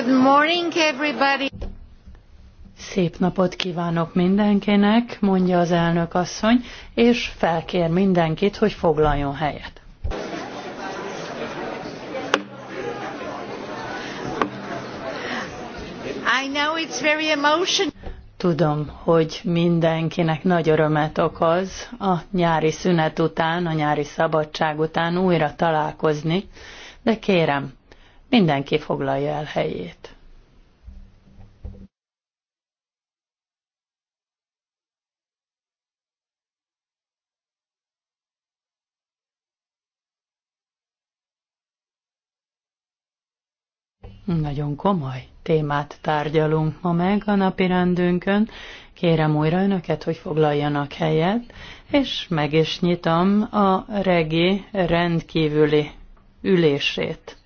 Good morning, everybody. Szép napot kívánok mindenkinek, mondja az elnök asszony, és felkér mindenkit, hogy foglaljon helyet. I know it's very emotional. Tudom, hogy mindenkinek nagy örömet okoz a nyári szünet után, a nyári szabadság után újra találkozni, de kérem, Mindenki foglalja el helyét. Nagyon komoly témát tárgyalunk ma meg a napi rendünkön. Kérem újra önöket, hogy foglaljanak helyet, és meg is nyitom a regi rendkívüli ülését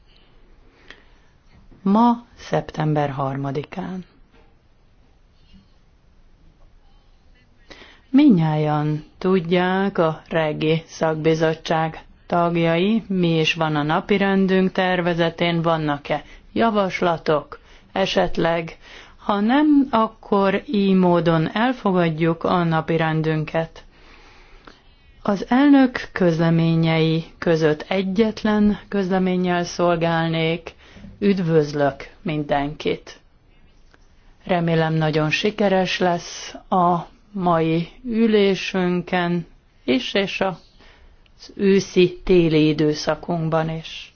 ma, szeptember harmadikán. Minnyáján tudják a regi szakbizottság tagjai, mi is van a napi rendünk tervezetén, vannak-e javaslatok, esetleg, ha nem, akkor így módon elfogadjuk a napi rendünket. Az elnök közleményei között egyetlen közleménnyel szolgálnék, Üdvözlök mindenkit! Remélem nagyon sikeres lesz a mai ülésünken is, és az őszi-téli időszakunkban is.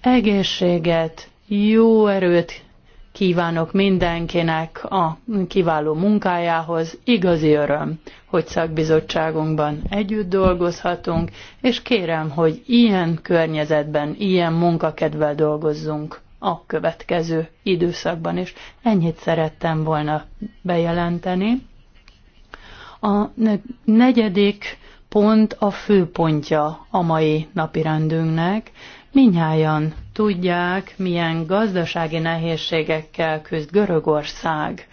Egészséget, jó erőt kívánok mindenkinek a kiváló munkájához. Igazi öröm, hogy szakbizottságunkban együtt dolgozhatunk, és kérem, hogy ilyen környezetben, ilyen munkakedvel dolgozzunk a következő időszakban is. Ennyit szerettem volna bejelenteni. A negyedik pont a főpontja a mai rendünknek. Minnyáján tudják, milyen gazdasági nehézségekkel küzd Görögország.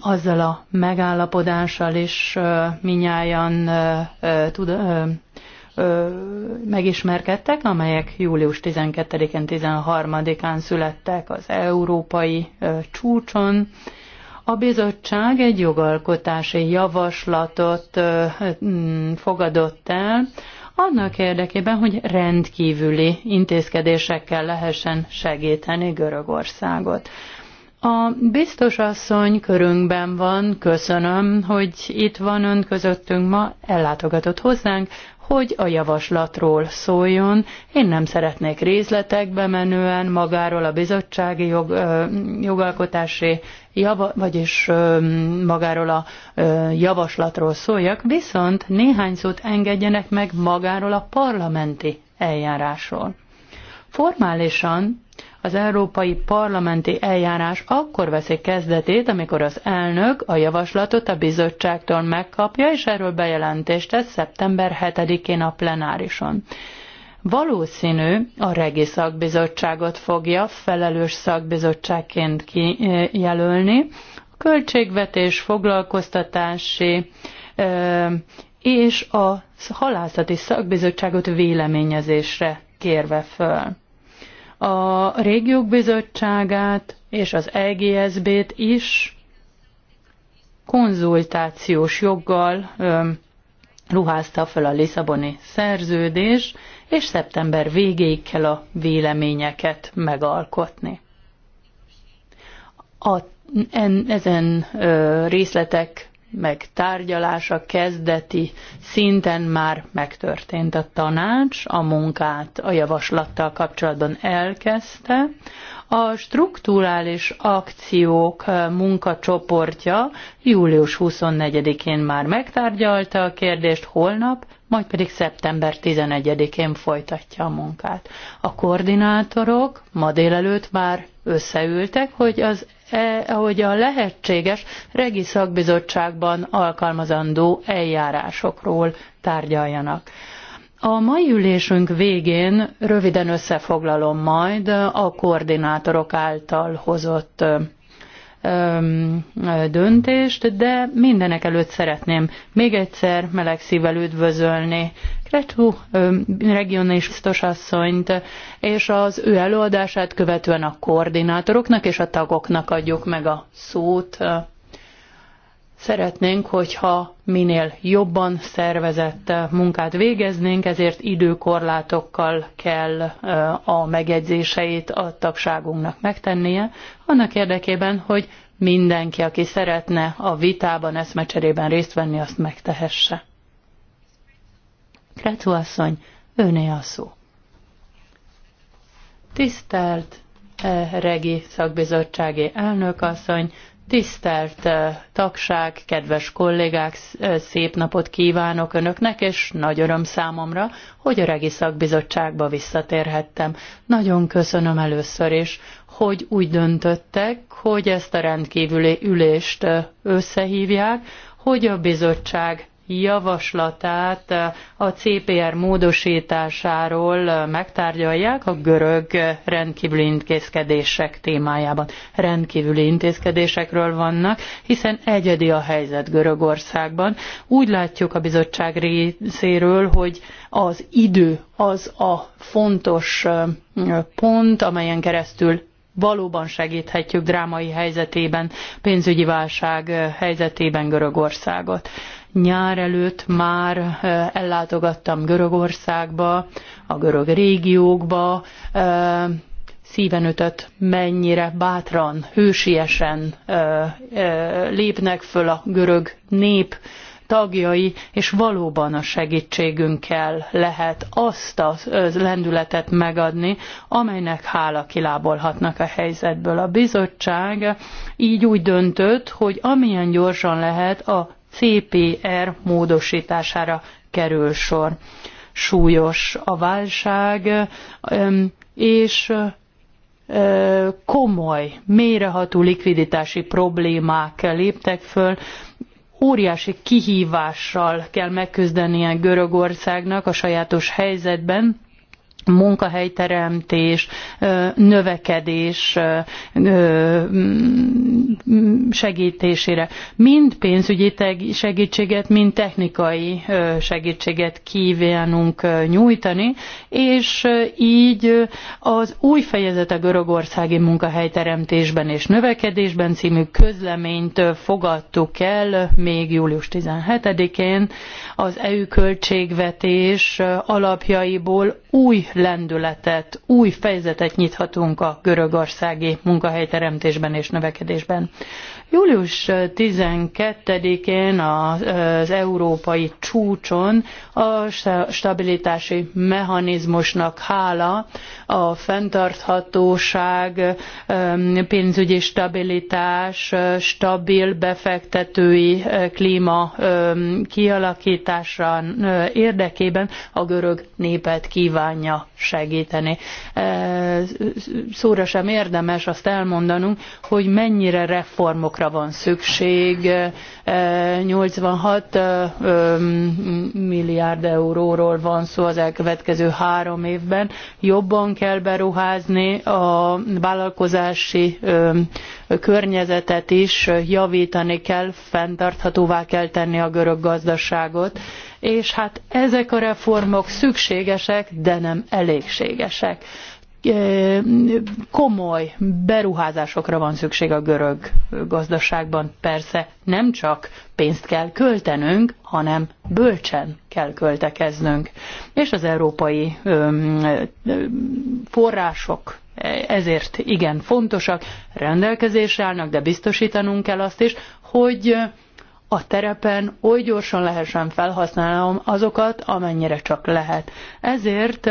Azzal a megállapodással is minnyáján megismerkedtek, amelyek július 12-én, 13-án születtek az európai csúcson. A bizottság egy jogalkotási javaslatot fogadott el, annak érdekében, hogy rendkívüli intézkedésekkel lehessen segíteni Görögországot. A biztos asszony körünkben van, köszönöm, hogy itt van ön közöttünk ma, ellátogatott hozzánk, hogy a javaslatról szóljon. Én nem szeretnék részletekbe menően magáról a bizottsági jog, ö, jogalkotási, java, vagyis ö, magáról a ö, javaslatról szóljak, viszont néhány szót engedjenek meg magáról a parlamenti eljárásról. Formálisan az európai parlamenti eljárás akkor veszi kezdetét, amikor az elnök a javaslatot a bizottságtól megkapja, és erről bejelentést tesz szeptember 7-én a plenárison. Valószínű a regi szakbizottságot fogja felelős szakbizottságként kijelölni, a költségvetés, foglalkoztatási és a halászati szakbizottságot véleményezésre kérve föl a régiók bizottságát és az EGSB-t is konzultációs joggal ö, ruházta fel a Lisszaboni szerződés, és szeptember végéig kell a véleményeket megalkotni. A, en, ezen ö, részletek meg tárgyalása kezdeti szinten már megtörtént a tanács, a munkát a javaslattal kapcsolatban elkezdte. A strukturális akciók eh, munkacsoportja július 24-én már megtárgyalta a kérdést, holnap, majd pedig szeptember 11-én folytatja a munkát. A koordinátorok ma délelőtt már összeültek, hogy az E, ahogyan lehetséges regi szakbizottságban alkalmazandó eljárásokról tárgyaljanak. A mai ülésünk végén röviden összefoglalom majd a koordinátorok által hozott döntést, de mindenek előtt szeretném még egyszer meleg szívvel üdvözölni Kretu regionális biztosasszonyt, és az ő előadását követően a koordinátoroknak és a tagoknak adjuk meg a szót. Szeretnénk, hogyha minél jobban szervezett munkát végeznénk, ezért időkorlátokkal kell a megjegyzéseit a tagságunknak megtennie, annak érdekében, hogy mindenki, aki szeretne a vitában, eszmecserében részt venni, azt megtehesse. Kretu asszony, őné a szó. Tisztelt eh, Regi szakbizottsági elnök asszony, Tisztelt eh, tagság, kedves kollégák, eh, szép napot kívánok Önöknek, és nagy öröm számomra, hogy a Regi Szakbizottságba visszatérhettem. Nagyon köszönöm először is, hogy úgy döntöttek, hogy ezt a rendkívüli ülést eh, összehívják, hogy a bizottság javaslatát a CPR módosításáról megtárgyalják a görög rendkívüli intézkedések témájában. Rendkívüli intézkedésekről vannak, hiszen egyedi a helyzet Görögországban. Úgy látjuk a bizottság részéről, hogy az idő az a fontos pont, amelyen keresztül valóban segíthetjük drámai helyzetében, pénzügyi válság helyzetében Görögországot nyár előtt már ellátogattam Görögországba, a görög régiókba, szíven ötött, mennyire bátran, hősiesen lépnek föl a görög nép, tagjai, és valóban a segítségünkkel lehet azt a lendületet megadni, amelynek hála kilábolhatnak a helyzetből. A bizottság így úgy döntött, hogy amilyen gyorsan lehet a CPR módosítására kerül sor. Súlyos a válság, és komoly, méreható likviditási problémák léptek föl, óriási kihívással kell megküzdenie Görögországnak a sajátos helyzetben, munkahelyteremtés, növekedés segítésére. Mind pénzügyi segítséget, mind technikai segítséget kívánunk nyújtani, és így az új fejezet a görögországi munkahelyteremtésben és növekedésben című közleményt fogadtuk el még július 17-én az EU költségvetés alapjaiból új lendületet, új fejezetet nyithatunk a görögországi munkahelyteremtésben és növekedésben. Július 12-én az európai csúcson a stabilitási mechanizmusnak hála a fenntarthatóság, pénzügyi stabilitás, stabil befektetői klíma kialakítása érdekében a görög népet kívánja segíteni. Szóra sem érdemes azt elmondanunk, hogy mennyire reformokra van szükség. 86 milliárd euróról van szó az elkövetkező három évben. Jobban kell beruházni, a vállalkozási környezetet is javítani kell, fenntarthatóvá kell tenni a görög gazdaságot, és hát ezek a reformok szükségesek, de nem elégségesek komoly beruházásokra van szükség a görög gazdaságban. Persze nem csak pénzt kell költenünk, hanem bölcsen kell költekeznünk. És az európai források ezért igen fontosak, rendelkezésre állnak, de biztosítanunk kell azt is, hogy a terepen oly gyorsan lehessen felhasználnom azokat, amennyire csak lehet. Ezért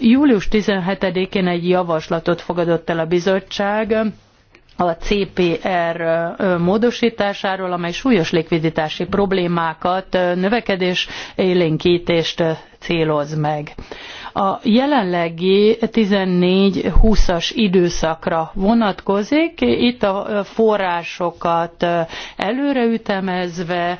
Július 17-én egy javaslatot fogadott el a bizottság, a CPR módosításáról, amely súlyos likviditási problémákat, növekedés élénkítést céloz meg a jelenlegi 14-20-as időszakra vonatkozik. Itt a forrásokat előreütemezve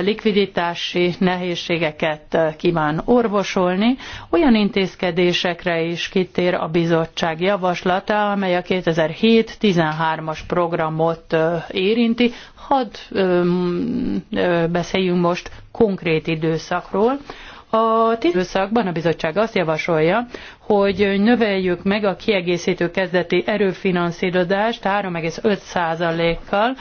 likviditási nehézségeket kíván orvosolni. Olyan intézkedésekre is kitér a bizottság javaslata, amely a 2007-13-as programot érinti, hadd beszéljünk most konkrét időszakról, a tízőszakban a bizottság azt javasolja, hogy növeljük meg a kiegészítő kezdeti erőfinanszírozást 3,5%-kal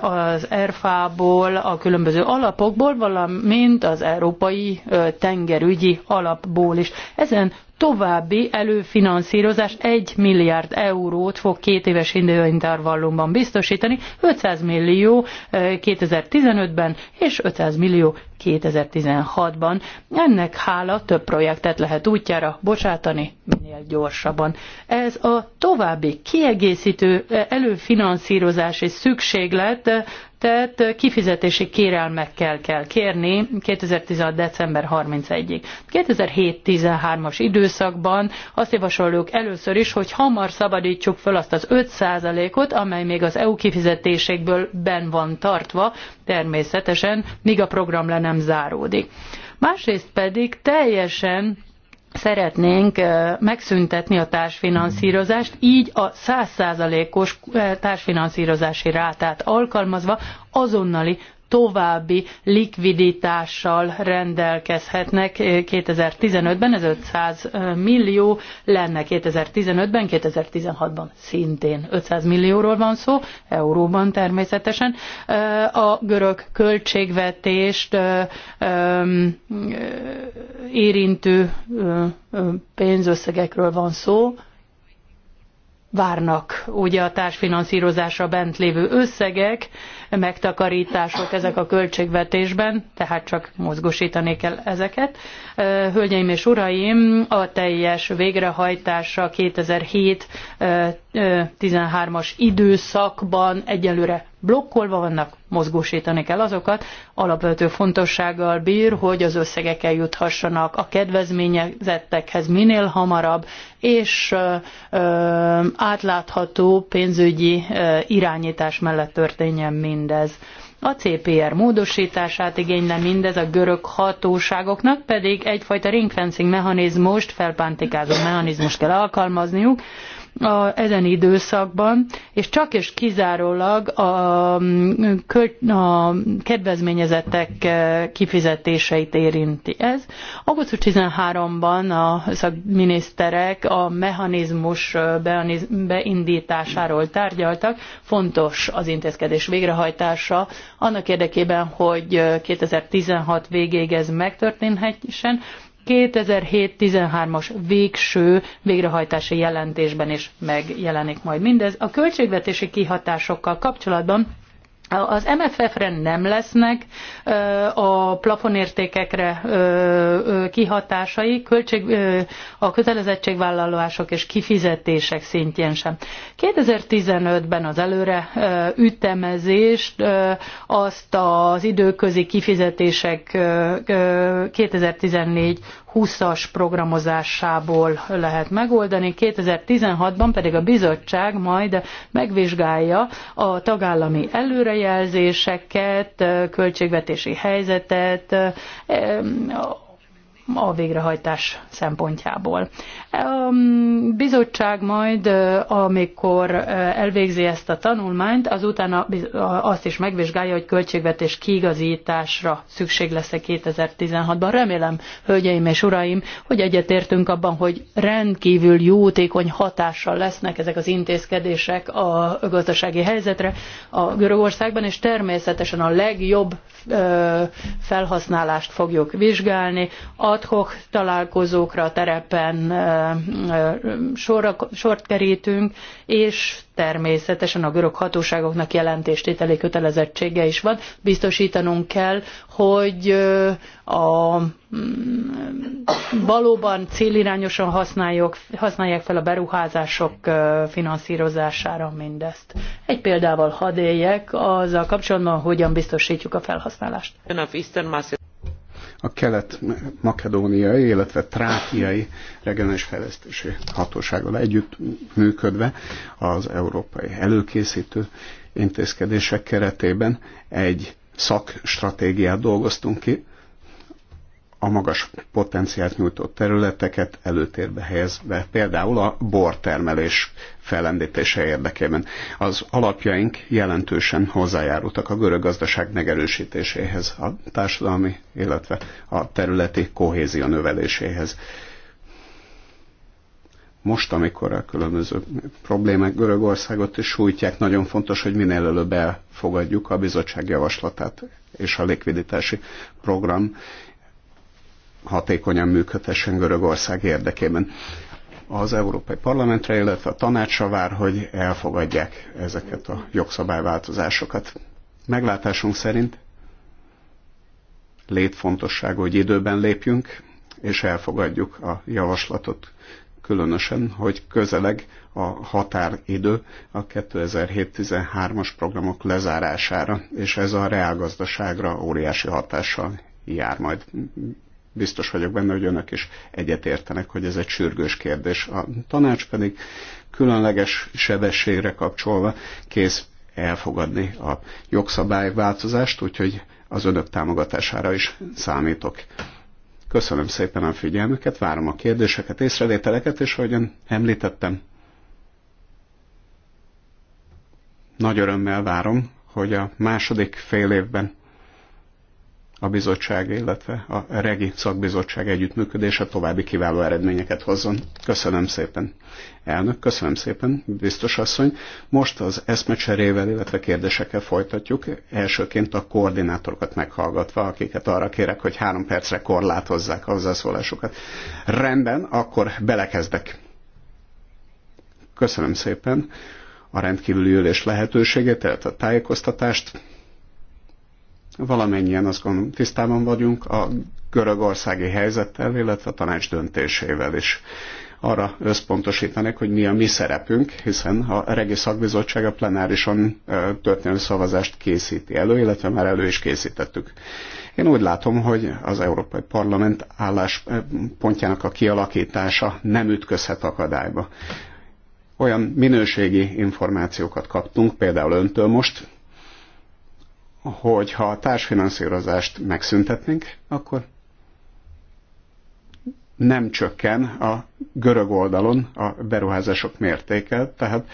az ERFA-ból, a különböző alapokból, valamint az Európai Tengerügyi Alapból is. Ezen további előfinanszírozás 1 milliárd eurót fog két éves időintervallumban biztosítani, 500 millió 2015-ben és 500 millió 2016-ban. Ennek hála több projektet lehet útjára piacra bocsátani minél gyorsabban. Ez a további kiegészítő eh, előfinanszírozási szükséglet eh, tehát eh, kifizetési kérelmekkel kell kérni 2016. december 31-ig. 2007-13-as időszakban azt javasoljuk először is, hogy hamar szabadítsuk fel azt az 5%-ot, amely még az EU kifizetésekből ben van tartva, természetesen, míg a program le nem záródik. Másrészt pedig teljesen szeretnénk megszüntetni a társfinanszírozást, így a 100%-os társfinanszírozási rátát alkalmazva azonnali további likviditással rendelkezhetnek 2015-ben, ez 500 millió lenne 2015-ben, 2016-ban szintén 500 millióról van szó, euróban természetesen. A görög költségvetést érintő pénzösszegekről van szó, várnak ugye a társfinanszírozásra bent lévő összegek, megtakarítások ezek a költségvetésben, tehát csak mozgosítani kell ezeket. Hölgyeim és uraim, a teljes végrehajtása 2007-13-as időszakban egyelőre blokkolva vannak, mozgósítani kell azokat. Alapvető fontossággal bír, hogy az összegek eljuthassanak a kedvezményezettekhez minél hamarabb, és ö, ö, átlátható pénzügyi ö, irányítás mellett történjen mindez. A CPR módosítását igényle mindez a görög hatóságoknak, pedig egyfajta ringfencing mechanizmust, felpántikázó mechanizmust kell alkalmazniuk, a, ezen időszakban, és csak és kizárólag a, a kedvezményezettek e, kifizetéseit érinti ez. Augusztus 13-ban a szakminiszterek a mechanizmus e, beindításáról tárgyaltak. Fontos az intézkedés végrehajtása annak érdekében, hogy 2016 e, végéig ez megtörténhessen, 2007-13-as végső végrehajtási jelentésben is megjelenik majd mindez. A költségvetési kihatásokkal kapcsolatban az MFF-re nem lesznek a plafonértékekre kihatásai, költség, a kötelezettségvállalások és kifizetések szintjén sem. 2015-ben az előre ütemezést, azt az időközi kifizetések 2014 20-as programozásából lehet megoldani. 2016-ban pedig a bizottság majd megvizsgálja a tagállami előrejelzéseket, költségvetési helyzetet, a végrehajtás szempontjából. A bizottság majd, amikor elvégzi ezt a tanulmányt, azután azt is megvizsgálja, hogy költségvetés kiigazításra szükség lesz-e 2016-ban. Remélem, hölgyeim és uraim, hogy egyetértünk abban, hogy rendkívül jótékony hatással lesznek ezek az intézkedések a gazdasági helyzetre a Görögországban, és természetesen a legjobb felhasználást fogjuk vizsgálni. A adhok találkozókra a terepen sorra, sort kerítünk, és természetesen a görög hatóságoknak jelentéstételi kötelezettsége is van. Biztosítanunk kell, hogy a, mm, valóban célirányosan használják fel a beruházások finanszírozására mindezt. Egy példával hadd éljek azzal kapcsolatban, hogyan biztosítjuk a felhasználást a kelet-makedóniai, illetve trákiai regionális fejlesztési hatósággal együtt működve az európai előkészítő intézkedések keretében egy szakstratégiát dolgoztunk ki, a magas potenciált nyújtott területeket előtérbe helyezve, például a bortermelés fellendítése érdekében. Az alapjaink jelentősen hozzájárultak a görög gazdaság megerősítéséhez, a társadalmi, illetve a területi kohézió növeléséhez. Most, amikor a különböző problémák Görögországot is sújtják, nagyon fontos, hogy minél előbb elfogadjuk a bizottság javaslatát és a likviditási program hatékonyan működhessen Görögország érdekében. Az Európai Parlamentre, illetve a tanácsra vár, hogy elfogadják ezeket a jogszabályváltozásokat. Meglátásunk szerint létfontosságú, hogy időben lépjünk, és elfogadjuk a javaslatot, különösen, hogy közeleg a határidő a 2007-13-as programok lezárására, és ez a reálgazdaságra óriási hatással jár majd biztos vagyok benne, hogy önök is egyetértenek, hogy ez egy sürgős kérdés. A tanács pedig különleges sebességre kapcsolva kész elfogadni a jogszabály változást, úgyhogy az önök támogatására is számítok. Köszönöm szépen a figyelmüket, várom a kérdéseket, észrevételeket, és ahogyan említettem, nagy örömmel várom, hogy a második fél évben a bizottság, illetve a regi szakbizottság együttműködése további kiváló eredményeket hozzon. Köszönöm szépen, elnök, köszönöm szépen, biztos asszony. Most az eszmecserével, illetve kérdésekkel folytatjuk. Elsőként a koordinátorokat meghallgatva, akiket arra kérek, hogy három percre korlátozzák a hozzászólásokat. Rendben, akkor belekezdek. Köszönöm szépen a rendkívüli ülés lehetőségét, tehát a tájékoztatást valamennyien azt gondolom tisztában vagyunk a görögországi helyzettel, illetve a tanács döntésével is. Arra összpontosítanak, hogy mi a mi szerepünk, hiszen a Regi Szakbizottság a plenárison történő szavazást készíti elő, illetve már elő is készítettük. Én úgy látom, hogy az Európai Parlament álláspontjának a kialakítása nem ütközhet akadályba. Olyan minőségi információkat kaptunk, például öntől most, ha a társfinanszírozást megszüntetnénk, akkor nem csökken a görög oldalon a beruházások mértéke, tehát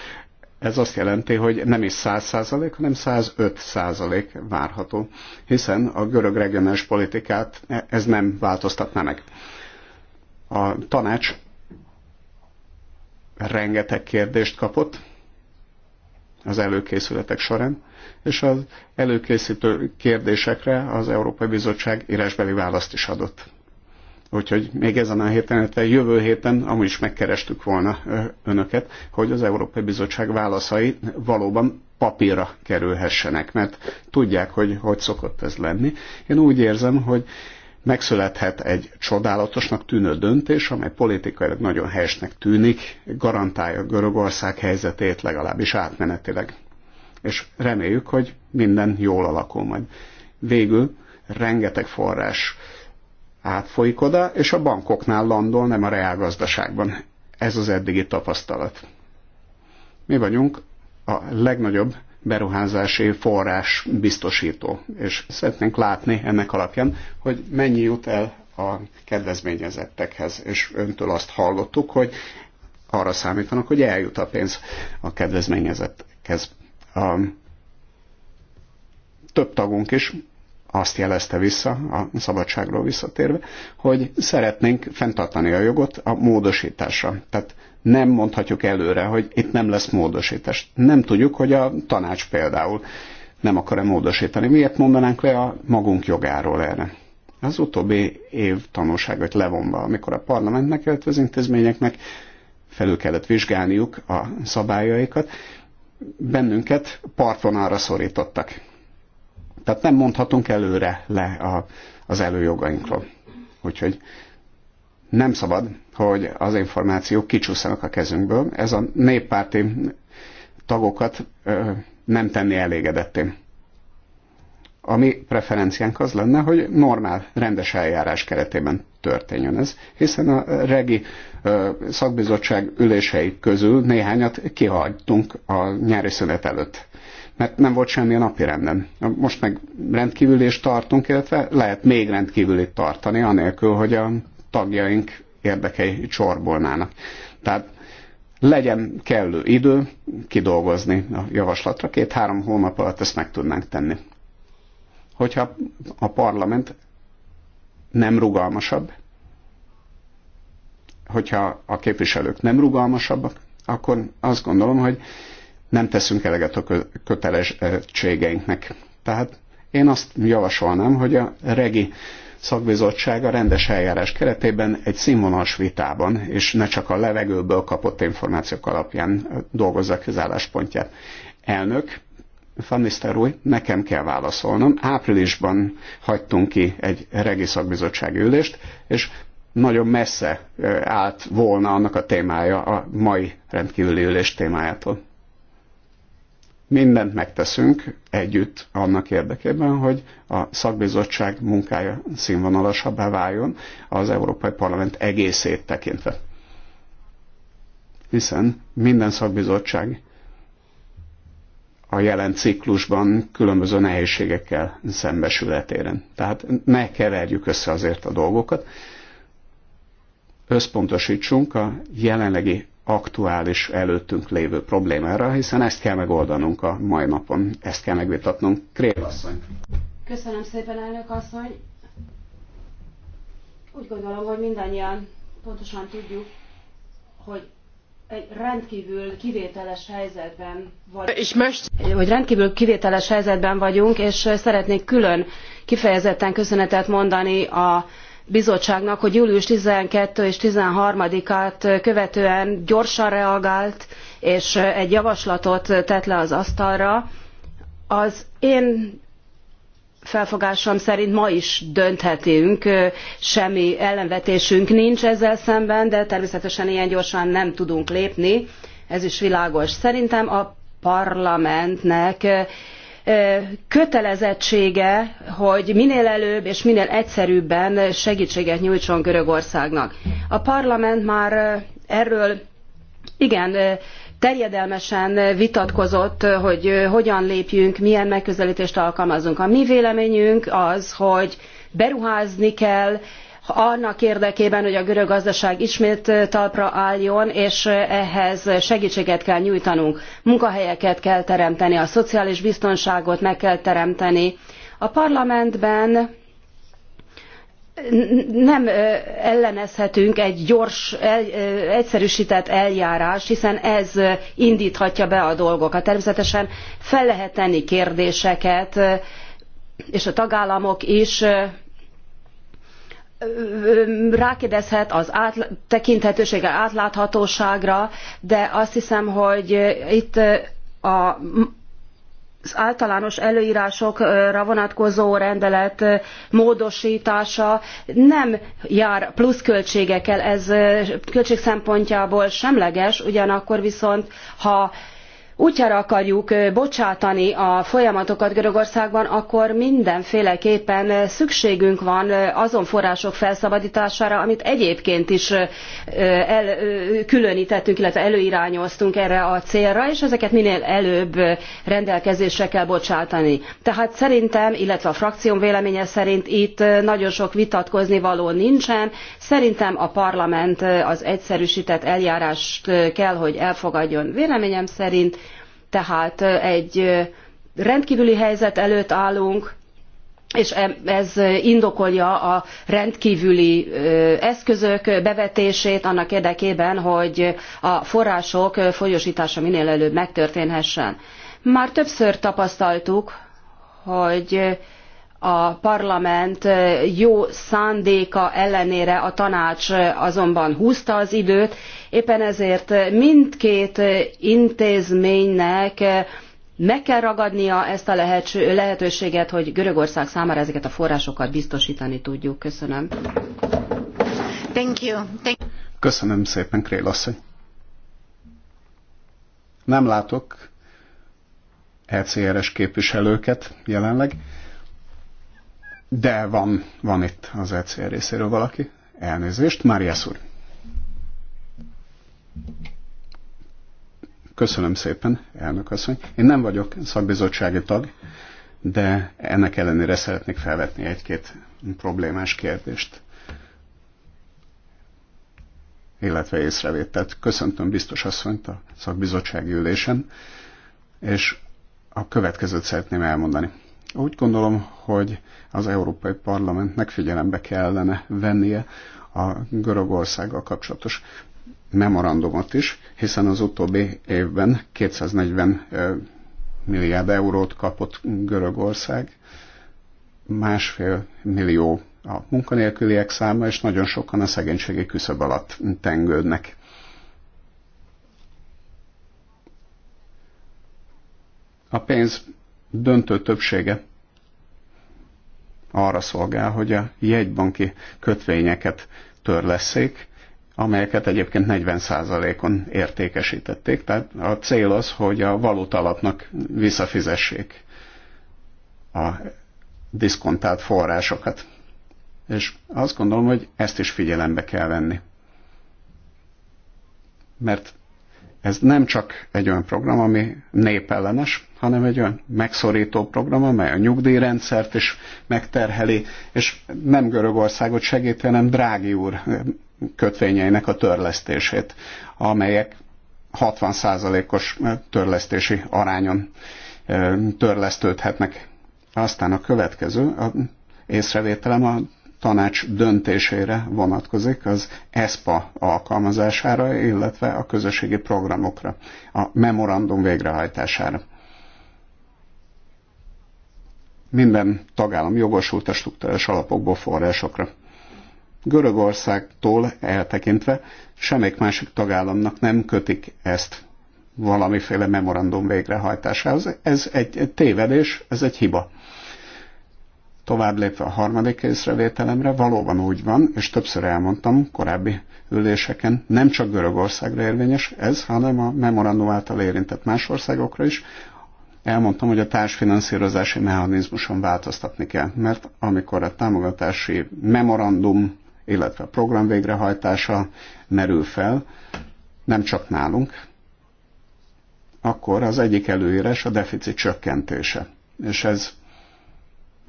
ez azt jelenti, hogy nem is 100%, hanem 105% várható, hiszen a görög regionális politikát ez nem változtatná meg. A tanács rengeteg kérdést kapott, az előkészületek során, és az előkészítő kérdésekre az Európai Bizottság írásbeli választ is adott. Úgyhogy még ezen a héten, illetve jövő héten amúgy is megkerestük volna önöket, hogy az Európai Bizottság válaszai valóban papírra kerülhessenek, mert tudják, hogy hogy szokott ez lenni. Én úgy érzem, hogy megszülethet egy csodálatosnak tűnő döntés, amely politikailag nagyon helyesnek tűnik, garantálja Görögország helyzetét legalábbis átmenetileg. És reméljük, hogy minden jól alakul majd. Végül rengeteg forrás átfolyik oda, és a bankoknál landol, nem a reálgazdaságban. Ez az eddigi tapasztalat. Mi vagyunk a legnagyobb beruházási forrás biztosító. És szeretnénk látni ennek alapján, hogy mennyi jut el a kedvezményezettekhez. És öntől azt hallottuk, hogy arra számítanak, hogy eljut a pénz a kedvezményezettekhez. A több tagunk is azt jelezte vissza, a szabadságról visszatérve, hogy szeretnénk fenntartani a jogot a módosításra. Tehát nem mondhatjuk előre, hogy itt nem lesz módosítás. Nem tudjuk, hogy a tanács például nem akar-e módosítani. Miért mondanánk le a magunk jogáról erre? Az utóbbi év tanulságot levonva, amikor a parlamentnek, illetve az intézményeknek felül kellett vizsgálniuk a szabályaikat, bennünket partvonalra szorítottak tehát nem mondhatunk előre le a, az előjogainkról. Úgyhogy nem szabad, hogy az információk kicsúszanak a kezünkből. Ez a néppárti tagokat ö, nem tenni elégedetté. A mi preferenciánk az lenne, hogy normál, rendes eljárás keretében történjön ez, hiszen a regi ö, szakbizottság ülései közül néhányat kihagytunk a nyári szünet előtt mert nem volt semmi a napi rendem. Most meg rendkívülést tartunk, illetve lehet még rendkívülit tartani, anélkül, hogy a tagjaink érdekei csorbolnának. Tehát legyen kellő idő kidolgozni a javaslatra, két-három hónap alatt ezt meg tudnánk tenni. Hogyha a parlament nem rugalmasabb, hogyha a képviselők nem rugalmasabbak, akkor azt gondolom, hogy nem teszünk eleget a kötelezettségeinknek. Tehát én azt javasolnám, hogy a regi szakbizottsága a rendes eljárás keretében egy színvonalas vitában, és ne csak a levegőből kapott információk alapján dolgozza ki az álláspontját. Elnök, Van új, nekem kell válaszolnom. Áprilisban hagytunk ki egy regi szakbizottsági ülést, és nagyon messze állt volna annak a témája a mai rendkívüli ülés témájától mindent megteszünk együtt annak érdekében, hogy a szakbizottság munkája színvonalasabbá váljon az Európai Parlament egészét tekintve. Hiszen minden szakbizottság a jelen ciklusban különböző nehézségekkel szembesületéren. Tehát ne keverjük össze azért a dolgokat, összpontosítsunk a jelenlegi aktuális előttünk lévő problémára, hiszen ezt kell megoldanunk a mai napon, ezt kell megvitatnunk. Krél asszony. Köszönöm szépen, elnök asszony. Úgy gondolom, hogy mindannyian pontosan tudjuk, hogy egy rendkívül kivételes helyzetben vagyunk. És most, Hogy rendkívül kivételes helyzetben vagyunk, és szeretnék külön kifejezetten köszönetet mondani a bizottságnak, hogy július 12 és 13-át követően gyorsan reagált, és egy javaslatot tett le az asztalra. Az én felfogásom szerint ma is dönthetünk, semmi ellenvetésünk nincs ezzel szemben, de természetesen ilyen gyorsan nem tudunk lépni, ez is világos. Szerintem a parlamentnek kötelezettsége, hogy minél előbb és minél egyszerűbben segítséget nyújtson Görögországnak. A parlament már erről igen terjedelmesen vitatkozott, hogy hogyan lépjünk, milyen megközelítést alkalmazunk. A mi véleményünk az, hogy beruházni kell, annak érdekében, hogy a görög gazdaság ismét talpra álljon, és ehhez segítséget kell nyújtanunk. Munkahelyeket kell teremteni, a szociális biztonságot meg kell teremteni. A parlamentben nem ellenezhetünk egy gyors, egyszerűsített eljárás, hiszen ez indíthatja be a dolgokat. Természetesen fel lehet tenni kérdéseket, és a tagállamok is rákérdezhet az áttekinthetőségre, átláthatóságra, de azt hiszem, hogy itt a az általános előírásokra vonatkozó rendelet módosítása nem jár pluszköltségekkel, ez költség szempontjából semleges, ugyanakkor viszont, ha útjára akarjuk bocsátani a folyamatokat Görögországban, akkor mindenféleképpen szükségünk van azon források felszabadítására, amit egyébként is elkülönítettünk, illetve előirányoztunk erre a célra, és ezeket minél előbb rendelkezésre kell bocsátani. Tehát szerintem, illetve a frakcióm véleménye szerint itt nagyon sok vitatkozni való nincsen. Szerintem a parlament az egyszerűsített eljárást kell, hogy elfogadjon véleményem szerint tehát egy rendkívüli helyzet előtt állunk, és e, ez indokolja a rendkívüli eszközök bevetését annak érdekében, hogy a források folyosítása minél előbb megtörténhessen. Már többször tapasztaltuk, hogy a parlament jó szándéka ellenére a tanács azonban húzta az időt, éppen ezért mindkét intézménynek meg kell ragadnia ezt a lehetőséget, hogy Görögország számára ezeket a forrásokat biztosítani tudjuk. Köszönöm. Thank you. Thank Köszönöm szépen, Krél asszony. Nem látok ECRS képviselőket jelenleg. De van, van itt az ECR részéről valaki. Elnézést, Mária úr. Köszönöm szépen, elnök asszony. Én nem vagyok szakbizottsági tag, de ennek ellenére szeretnék felvetni egy-két problémás kérdést, illetve észrevételt. Köszöntöm biztos asszonyt a szakbizottsági ülésen, és a következőt szeretném elmondani. Úgy gondolom, hogy az Európai Parlamentnek figyelembe kellene vennie a Görögországgal kapcsolatos memorandumot is, hiszen az utóbbi évben 240 milliárd eurót kapott Görögország, másfél millió a munkanélküliek száma, és nagyon sokan a szegénységi küszöb alatt tengődnek. A pénz döntő többsége arra szolgál, hogy a jegybanki kötvényeket törleszék, amelyeket egyébként 40%-on értékesítették. Tehát a cél az, hogy a valutalapnak visszafizessék a diszkontált forrásokat. És azt gondolom, hogy ezt is figyelembe kell venni. Mert ez nem csak egy olyan program, ami népellenes, hanem egy olyan megszorító program, amely a nyugdíjrendszert is megterheli, és nem Görögországot segíti, hanem Drági úr eh, kötvényeinek a törlesztését, amelyek 60%-os eh, törlesztési arányon eh, törlesztődhetnek. Aztán a következő, a észrevételem a tanács döntésére vonatkozik, az ESPA alkalmazására, illetve a közösségi programokra, a memorandum végrehajtására. Minden tagállam jogosult a struktúrás alapokból forrásokra. Görögországtól eltekintve semmik másik tagállamnak nem kötik ezt valamiféle memorandum végrehajtásához. Ez egy tévedés, ez egy hiba. Tovább lépve a harmadik észrevételemre, valóban úgy van, és többször elmondtam korábbi üléseken, nem csak Görögországra érvényes ez, hanem a memorandum által érintett más országokra is. Elmondtam, hogy a társfinanszírozási mechanizmuson változtatni kell, mert amikor a támogatási memorandum, illetve a program végrehajtása merül fel, nem csak nálunk, akkor az egyik előírás a deficit csökkentése. És ez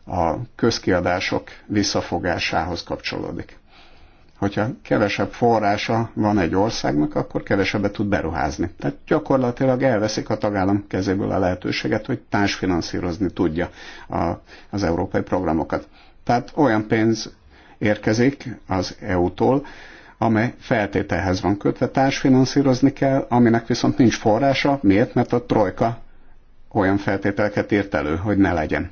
a közkiadások visszafogásához kapcsolódik. Hogyha kevesebb forrása van egy országnak, akkor kevesebbet tud beruházni. Tehát gyakorlatilag elveszik a tagállam kezéből a lehetőséget, hogy társfinanszírozni tudja a, az európai programokat. Tehát olyan pénz érkezik az EU-tól, amely feltételhez van kötve, társfinanszírozni kell, aminek viszont nincs forrása. Miért? Mert a trojka olyan feltételeket írt elő, hogy ne legyen.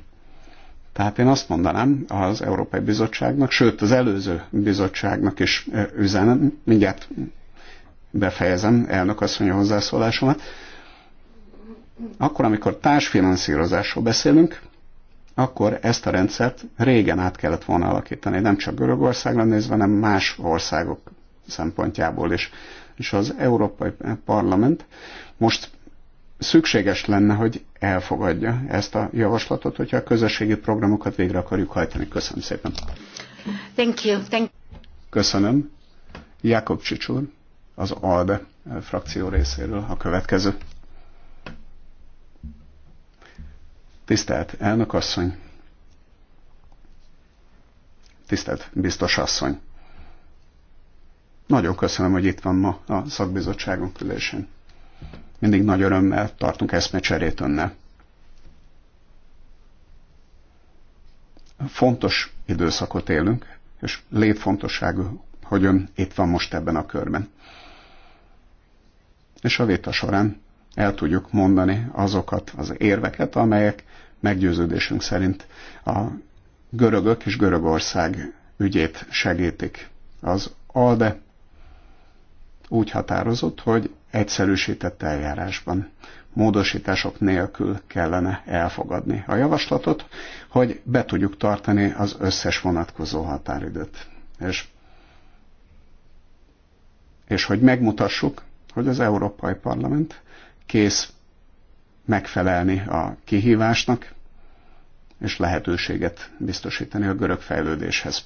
Tehát én azt mondanám az Európai Bizottságnak, sőt az előző bizottságnak is üzenem, mindjárt befejezem elnök asszony a hozzászólásomat. Akkor, amikor társfinanszírozásról beszélünk, akkor ezt a rendszert régen át kellett volna alakítani, nem csak Görögországra nézve, hanem más országok szempontjából is. És az Európai Parlament most szükséges lenne, hogy elfogadja ezt a javaslatot, hogyha a közösségi programokat végre akarjuk hajtani. Köszönöm szépen. Thank you. Thank Köszönöm. Jakob Csicsúr, az ALDE frakció részéről a következő. Tisztelt elnökasszony, tisztelt biztosasszony, nagyon köszönöm, hogy itt van ma a szakbizottságunk ülésén. Mindig nagy örömmel tartunk eszmecserét önnel. Fontos időszakot élünk, és létfontosságú, hogy ön itt van most ebben a körben. És a vita során el tudjuk mondani azokat az érveket, amelyek meggyőződésünk szerint a görögök és Görögország ügyét segítik. Az ALDE úgy határozott, hogy egyszerűsített eljárásban módosítások nélkül kellene elfogadni a javaslatot, hogy be tudjuk tartani az összes vonatkozó határidőt. És, és hogy megmutassuk, hogy az Európai Parlament kész megfelelni a kihívásnak, és lehetőséget biztosítani a görög fejlődéshez.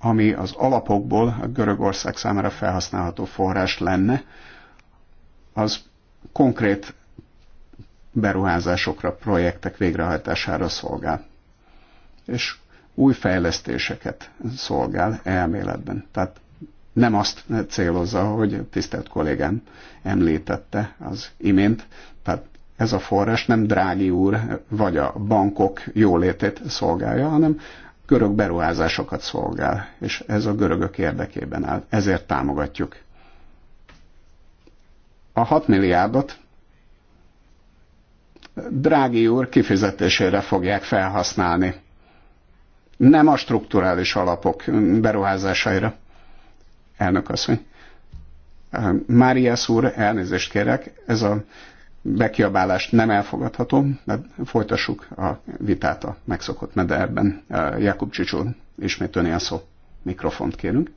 ami az alapokból a Görögország számára felhasználható forrás lenne, az konkrét beruházásokra, projektek végrehajtására szolgál. És új fejlesztéseket szolgál elméletben. Tehát nem azt célozza, hogy tisztelt kollégám említette az imént, tehát ez a forrás nem Drági úr vagy a bankok jólétét szolgálja, hanem görög beruházásokat szolgál, és ez a görögök érdekében áll. Ezért támogatjuk. A 6 milliárdot Drági úr kifizetésére fogják felhasználni. Nem a strukturális alapok beruházásaira. Elnök asszony. Máriász úr, elnézést kérek, ez a bekiabálást nem elfogadhatom, mert folytassuk a vitát a megszokott mederben. Eh, Jakub Csicsó, ismét öné a szó. Mikrofont kérünk.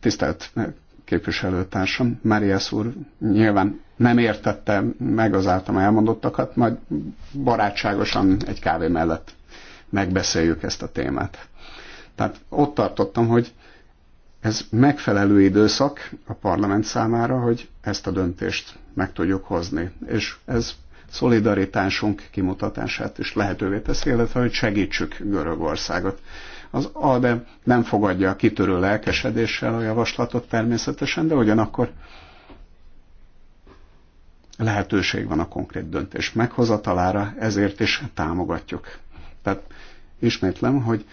Tisztelt eh, képviselőtársam, Mária úr nyilván nem értette meg az általam elmondottakat, majd barátságosan egy kávé mellett megbeszéljük ezt a témát. Tehát ott tartottam, hogy ez megfelelő időszak a parlament számára, hogy ezt a döntést meg tudjuk hozni. És ez szolidaritásunk kimutatását is lehetővé teszi, illetve hogy segítsük Görögországot. Az ALDE nem fogadja a kitörő lelkesedéssel a javaslatot természetesen, de ugyanakkor lehetőség van a konkrét döntés meghozatalára, ezért is támogatjuk. Tehát ismétlem, hogy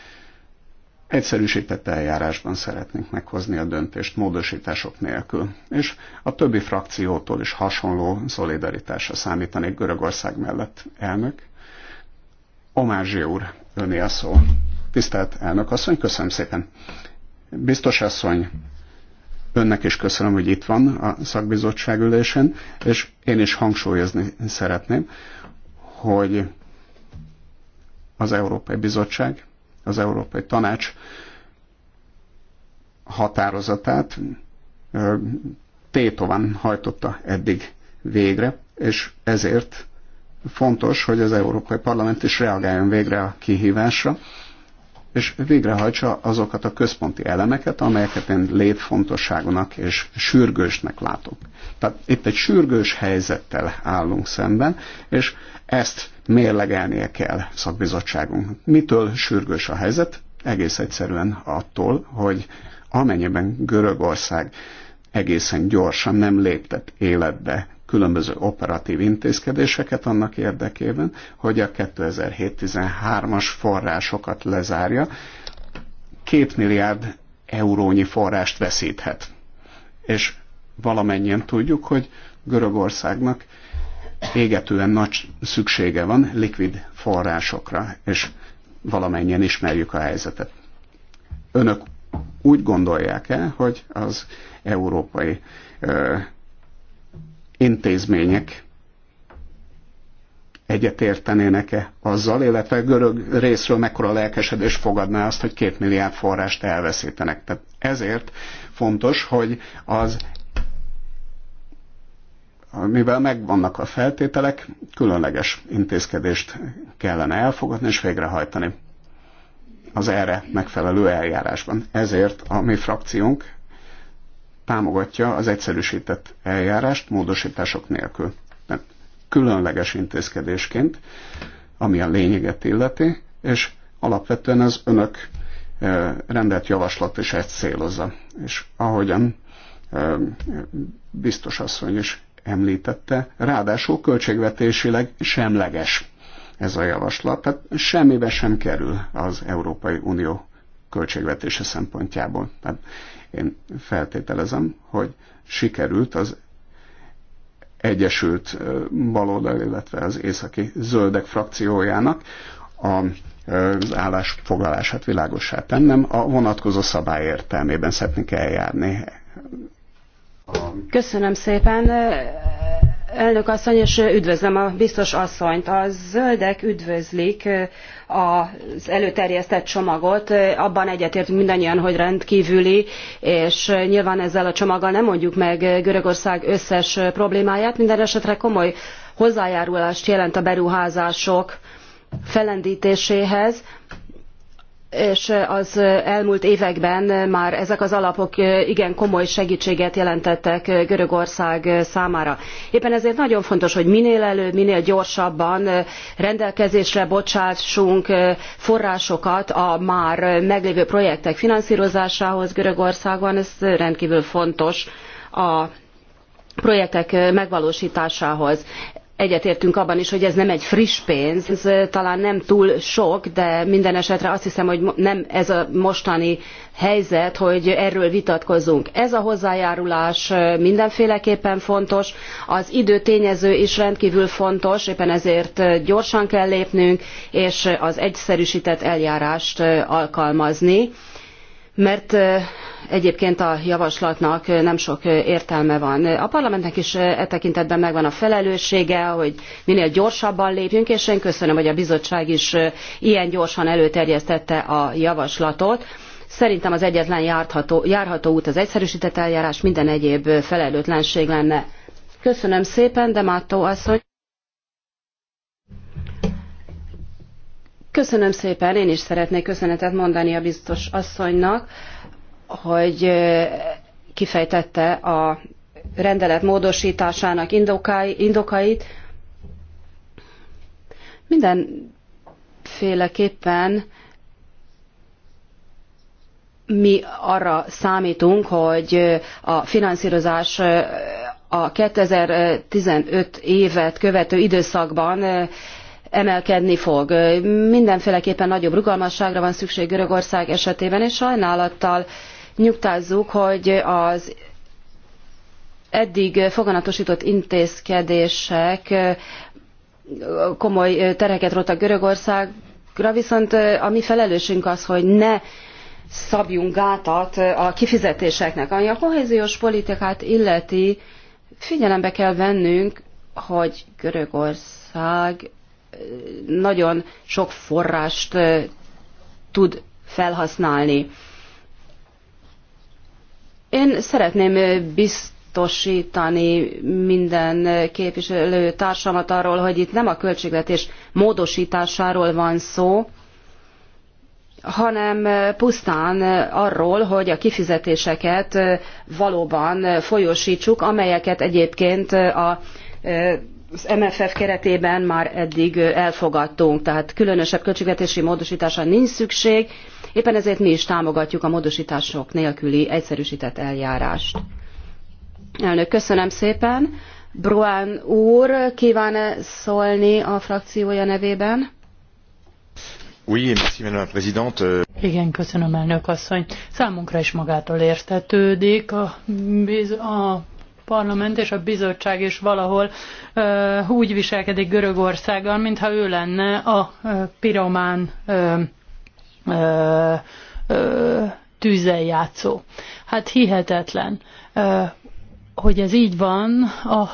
egyszerűsített eljárásban szeretnénk meghozni a döntést módosítások nélkül, és a többi frakciótól is hasonló szolidaritásra számítanék Görögország mellett elnök. Omázsi úr, öné a szó. Tisztelt elnök asszony, köszönöm szépen. Biztos asszony, önnek is köszönöm, hogy itt van a szakbizottság ülésen, és én is hangsúlyozni szeretném, hogy az Európai Bizottság az Európai Tanács határozatát tétovan hajtotta eddig végre, és ezért fontos, hogy az Európai Parlament is reagáljon végre a kihívásra, és végrehajtsa azokat a központi elemeket, amelyeket én létfontosságonak és sürgősnek látok. Tehát itt egy sürgős helyzettel állunk szemben, és ezt mérlegelnie kell szakbizottságunknak. Mitől sürgős a helyzet? Egész egyszerűen attól, hogy amennyiben Görögország egészen gyorsan nem léptet életbe különböző operatív intézkedéseket annak érdekében, hogy a 2007-13-as forrásokat lezárja, két milliárd eurónyi forrást veszíthet. És valamennyien tudjuk, hogy Görögországnak égetően nagy szüksége van likvid forrásokra, és valamennyien ismerjük a helyzetet. Önök úgy gondolják-e, hogy az európai ö, intézmények egyetértenének-e azzal, illetve a görög részről mekkora lelkesedés fogadná azt, hogy két milliárd forrást elveszítenek. Tehát ezért fontos, hogy az mivel megvannak a feltételek, különleges intézkedést kellene elfogadni és végrehajtani az erre megfelelő eljárásban. Ezért a mi frakciónk támogatja az egyszerűsített eljárást módosítások nélkül. Mert különleges intézkedésként, ami a lényeget illeti, és alapvetően az önök rendelt javaslat is ezt célozza. És ahogyan biztos asszony is említette, ráadásul költségvetésileg semleges ez a javaslat, tehát semmibe sem kerül az Európai Unió költségvetése szempontjából. Tehát én feltételezem, hogy sikerült az Egyesült Baloldal, illetve az Északi Zöldek frakciójának a az állásfoglalását világosá tennem, a vonatkozó szabály értelmében szeretnék eljárni Köszönöm szépen. Elnök asszony, és üdvözlöm a biztos asszonyt. A zöldek üdvözlik az előterjesztett csomagot. Abban egyetértünk mindannyian, hogy rendkívüli, és nyilván ezzel a csomaggal nem mondjuk meg Görögország összes problémáját. Minden esetre komoly hozzájárulást jelent a beruházások felendítéséhez és az elmúlt években már ezek az alapok igen komoly segítséget jelentettek Görögország számára. Éppen ezért nagyon fontos, hogy minél előbb, minél gyorsabban rendelkezésre bocsássunk forrásokat a már meglévő projektek finanszírozásához Görögországban. Ez rendkívül fontos a projektek megvalósításához egyetértünk abban is, hogy ez nem egy friss pénz, ez talán nem túl sok, de minden esetre azt hiszem, hogy nem ez a mostani helyzet, hogy erről vitatkozunk. Ez a hozzájárulás mindenféleképpen fontos, az időtényező is rendkívül fontos, éppen ezért gyorsan kell lépnünk, és az egyszerűsített eljárást alkalmazni mert egyébként a javaslatnak nem sok értelme van. A parlamentnek is e tekintetben megvan a felelőssége, hogy minél gyorsabban lépjünk, és én köszönöm, hogy a bizottság is ilyen gyorsan előterjesztette a javaslatot. Szerintem az egyetlen járható, járható út az egyszerűsített eljárás, minden egyéb felelőtlenség lenne. Köszönöm szépen, Demátó asszony. Köszönöm szépen, én is szeretnék köszönetet mondani a biztos asszonynak, hogy kifejtette a rendelet módosításának indokait. Mindenféleképpen mi arra számítunk, hogy a finanszírozás a 2015 évet követő időszakban emelkedni fog. Mindenféleképpen nagyobb rugalmasságra van szükség Görögország esetében, és sajnálattal nyugtázzuk, hogy az eddig foganatosított intézkedések komoly tereket rottak Görögországra, viszont a mi felelősünk az, hogy ne szabjunk gátat a kifizetéseknek. Ami a kohéziós politikát illeti, figyelembe kell vennünk, hogy Görögország nagyon sok forrást tud felhasználni. Én szeretném biztosítani minden képviselő társamat arról, hogy itt nem a költségvetés módosításáról van szó, hanem pusztán arról, hogy a kifizetéseket valóban folyósítsuk, amelyeket egyébként a az MFF keretében már eddig elfogadtunk, tehát különösebb költségvetési módosításra nincs szükség, éppen ezért mi is támogatjuk a módosítások nélküli egyszerűsített eljárást. Elnök, köszönöm szépen. Bruan úr, kíván -e szólni a frakciója nevében? Oui, merci, madame la présidente. Igen, köszönöm, elnök asszony. Számunkra is magától értetődik a, a parlament és a bizottság is valahol úgy viselkedik Görögországgal, mintha ő lenne a ö, piromán ö, Hát hihetetlen, hogy ez így van. A,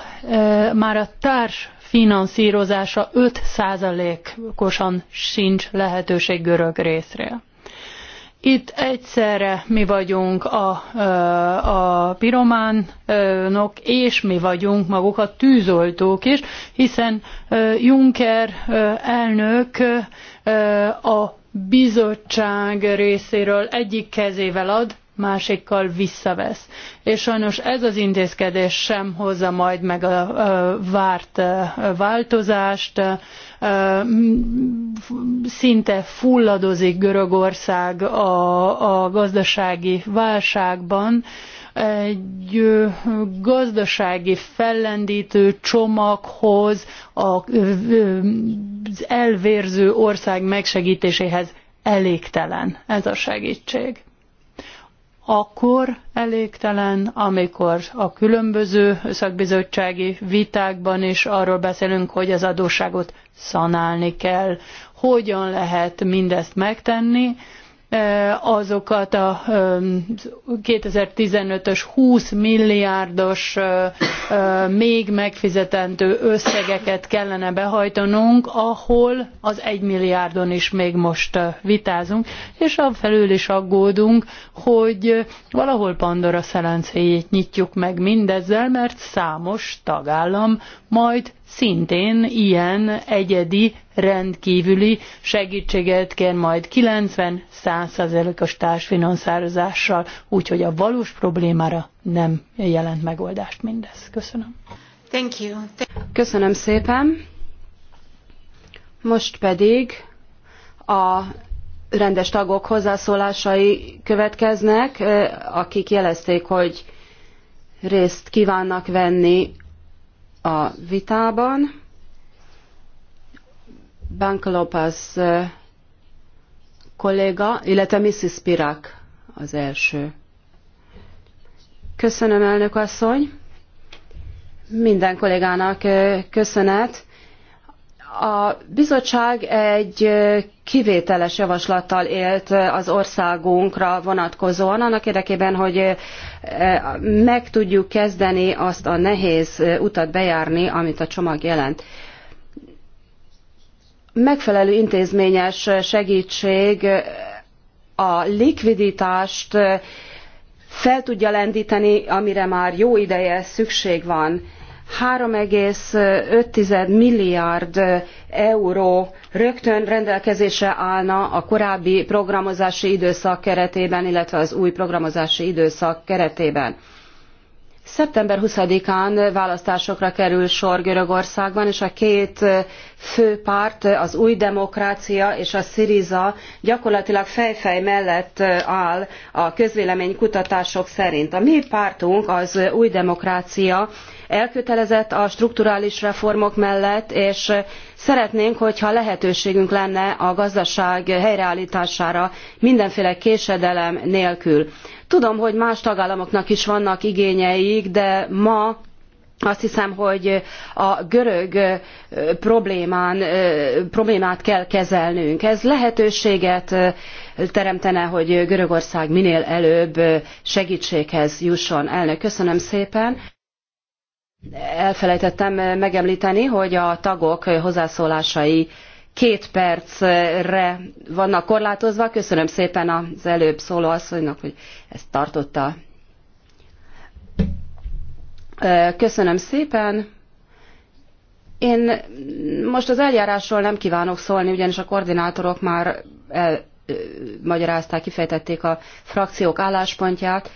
már a társ finanszírozása 5%-osan sincs lehetőség görög részre. Itt egyszerre mi vagyunk a, a pirománok, és mi vagyunk maguk a tűzoltók is, hiszen Juncker elnök a bizottság részéről egyik kezével ad másikkal visszavesz. És sajnos ez az intézkedés sem hozza majd meg a várt változást. Szinte fulladozik Görögország a, a gazdasági válságban. Egy gazdasági fellendítő csomaghoz, az elvérző ország megsegítéséhez elégtelen ez a segítség akkor elégtelen, amikor a különböző szakbizottsági vitákban is arról beszélünk, hogy az adósságot szanálni kell. Hogyan lehet mindezt megtenni? azokat a 2015-ös 20 milliárdos még megfizetendő összegeket kellene behajtanunk, ahol az 1 milliárdon is még most vitázunk, és felül is aggódunk, hogy valahol Pandora szelencéjét nyitjuk meg mindezzel, mert számos tagállam majd szintén ilyen egyedi, rendkívüli segítséget kér majd 90-100%-os társfinanszározással, úgyhogy a valós problémára nem jelent megoldást mindez. Köszönöm. Thank you. Köszönöm szépen. Most pedig a rendes tagok hozzászólásai következnek, eh, akik jelezték, hogy részt kívánnak venni a vitában. Bank Lopez kolléga, illetve Mrs. Pirak az első. Köszönöm, elnök asszony. Minden kollégának köszönet. A bizottság egy kivételes javaslattal élt az országunkra vonatkozóan, annak érdekében, hogy meg tudjuk kezdeni azt a nehéz utat bejárni, amit a csomag jelent. Megfelelő intézményes segítség a likviditást fel tudja lendíteni, amire már jó ideje szükség van 3,5 milliárd euró rögtön rendelkezésre állna a korábbi programozási időszak keretében, illetve az új programozási időszak keretében. Szeptember 20-án választásokra kerül sor Görögországban, és a két fő párt, az új demokrácia és a Syriza gyakorlatilag fejfej mellett áll a közvéleménykutatások szerint. A mi pártunk az új demokrácia elkötelezett a strukturális reformok mellett, és szeretnénk, hogyha lehetőségünk lenne a gazdaság helyreállítására mindenféle késedelem nélkül. Tudom, hogy más tagállamoknak is vannak igényeik, de ma azt hiszem, hogy a görög problémán, problémát kell kezelnünk. Ez lehetőséget teremtene, hogy Görögország minél előbb segítséghez jusson. Elnök, köszönöm szépen. Elfelejtettem megemlíteni, hogy a tagok hozzászólásai két percre vannak korlátozva. Köszönöm szépen az előbb szóló asszonynak, hogy ezt tartotta. Köszönöm szépen. Én most az eljárásról nem kívánok szólni, ugyanis a koordinátorok már elmagyarázták, kifejtették a frakciók álláspontját,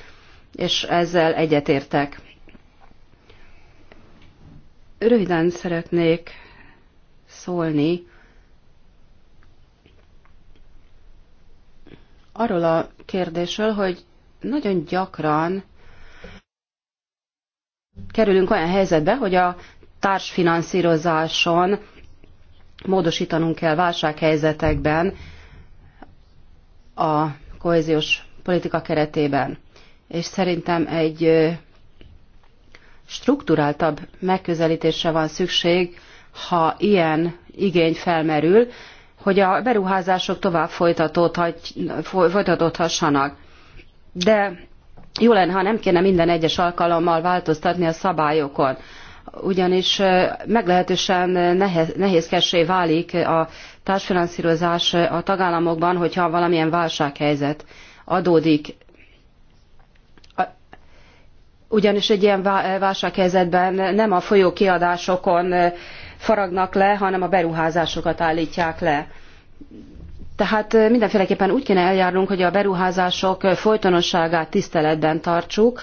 és ezzel egyetértek. Röviden szeretnék szólni arról a kérdésről, hogy nagyon gyakran kerülünk olyan helyzetbe, hogy a társfinanszírozáson módosítanunk kell válsághelyzetekben a kohéziós politika keretében. És szerintem egy strukturáltabb megközelítésre van szükség, ha ilyen igény felmerül, hogy a beruházások tovább folytatódhassanak. De jó lenne, ha nem kéne minden egyes alkalommal változtatni a szabályokon, ugyanis meglehetősen nehez, nehézkessé válik a társfinanszírozás a tagállamokban, hogyha valamilyen válsághelyzet adódik. Ugyanis egy ilyen válsághelyzetben nem a folyó kiadásokon faragnak le, hanem a beruházásokat állítják le. Tehát mindenféleképpen úgy kéne eljárnunk, hogy a beruházások folytonosságát tiszteletben tartsuk,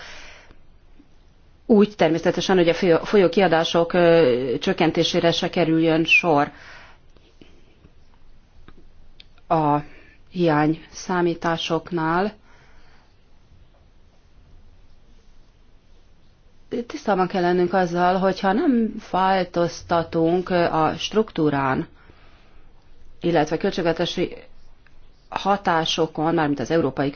úgy természetesen, hogy a folyó kiadások csökkentésére se kerüljön sor. A hiány számításoknál tisztában kell lennünk azzal, hogyha nem változtatunk a struktúrán, illetve költségvetési hatásokon, mármint az európai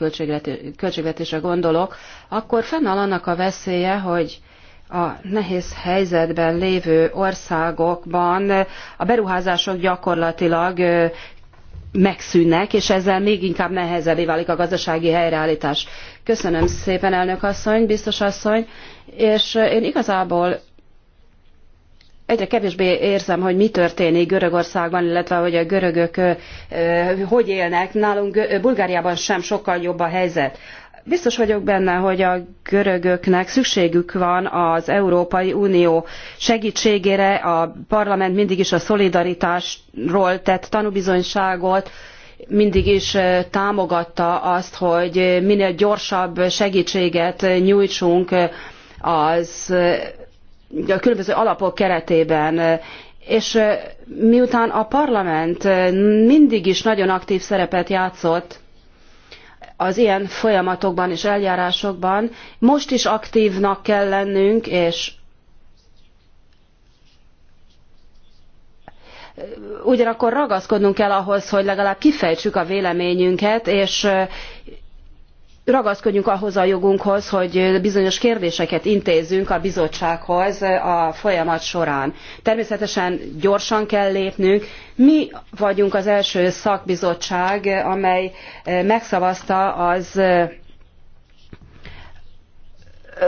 költségvetésre gondolok, akkor fennáll annak a veszélye, hogy a nehéz helyzetben lévő országokban a beruházások gyakorlatilag megszűnnek, és ezzel még inkább nehezebbé válik a gazdasági helyreállítás. Köszönöm szépen, elnök asszony, biztos asszony, és én igazából egyre kevésbé érzem, hogy mi történik Görögországban, illetve hogy a görögök hogy élnek. Nálunk Bulgáriában sem sokkal jobb a helyzet. Biztos vagyok benne, hogy a görögöknek szükségük van az Európai Unió segítségére, a parlament mindig is a szolidaritásról tett tanúbizonyságot, mindig is támogatta azt, hogy minél gyorsabb segítséget nyújtsunk az a különböző alapok keretében. És miután a parlament mindig is nagyon aktív szerepet játszott az ilyen folyamatokban és eljárásokban. Most is aktívnak kell lennünk, és ugyanakkor ragaszkodnunk kell ahhoz, hogy legalább kifejtsük a véleményünket, és ragaszkodjunk ahhoz a jogunkhoz, hogy bizonyos kérdéseket intézzünk a bizottsághoz a folyamat során. Természetesen gyorsan kell lépnünk. Mi vagyunk az első szakbizottság, amely eh, megszavazta az eh,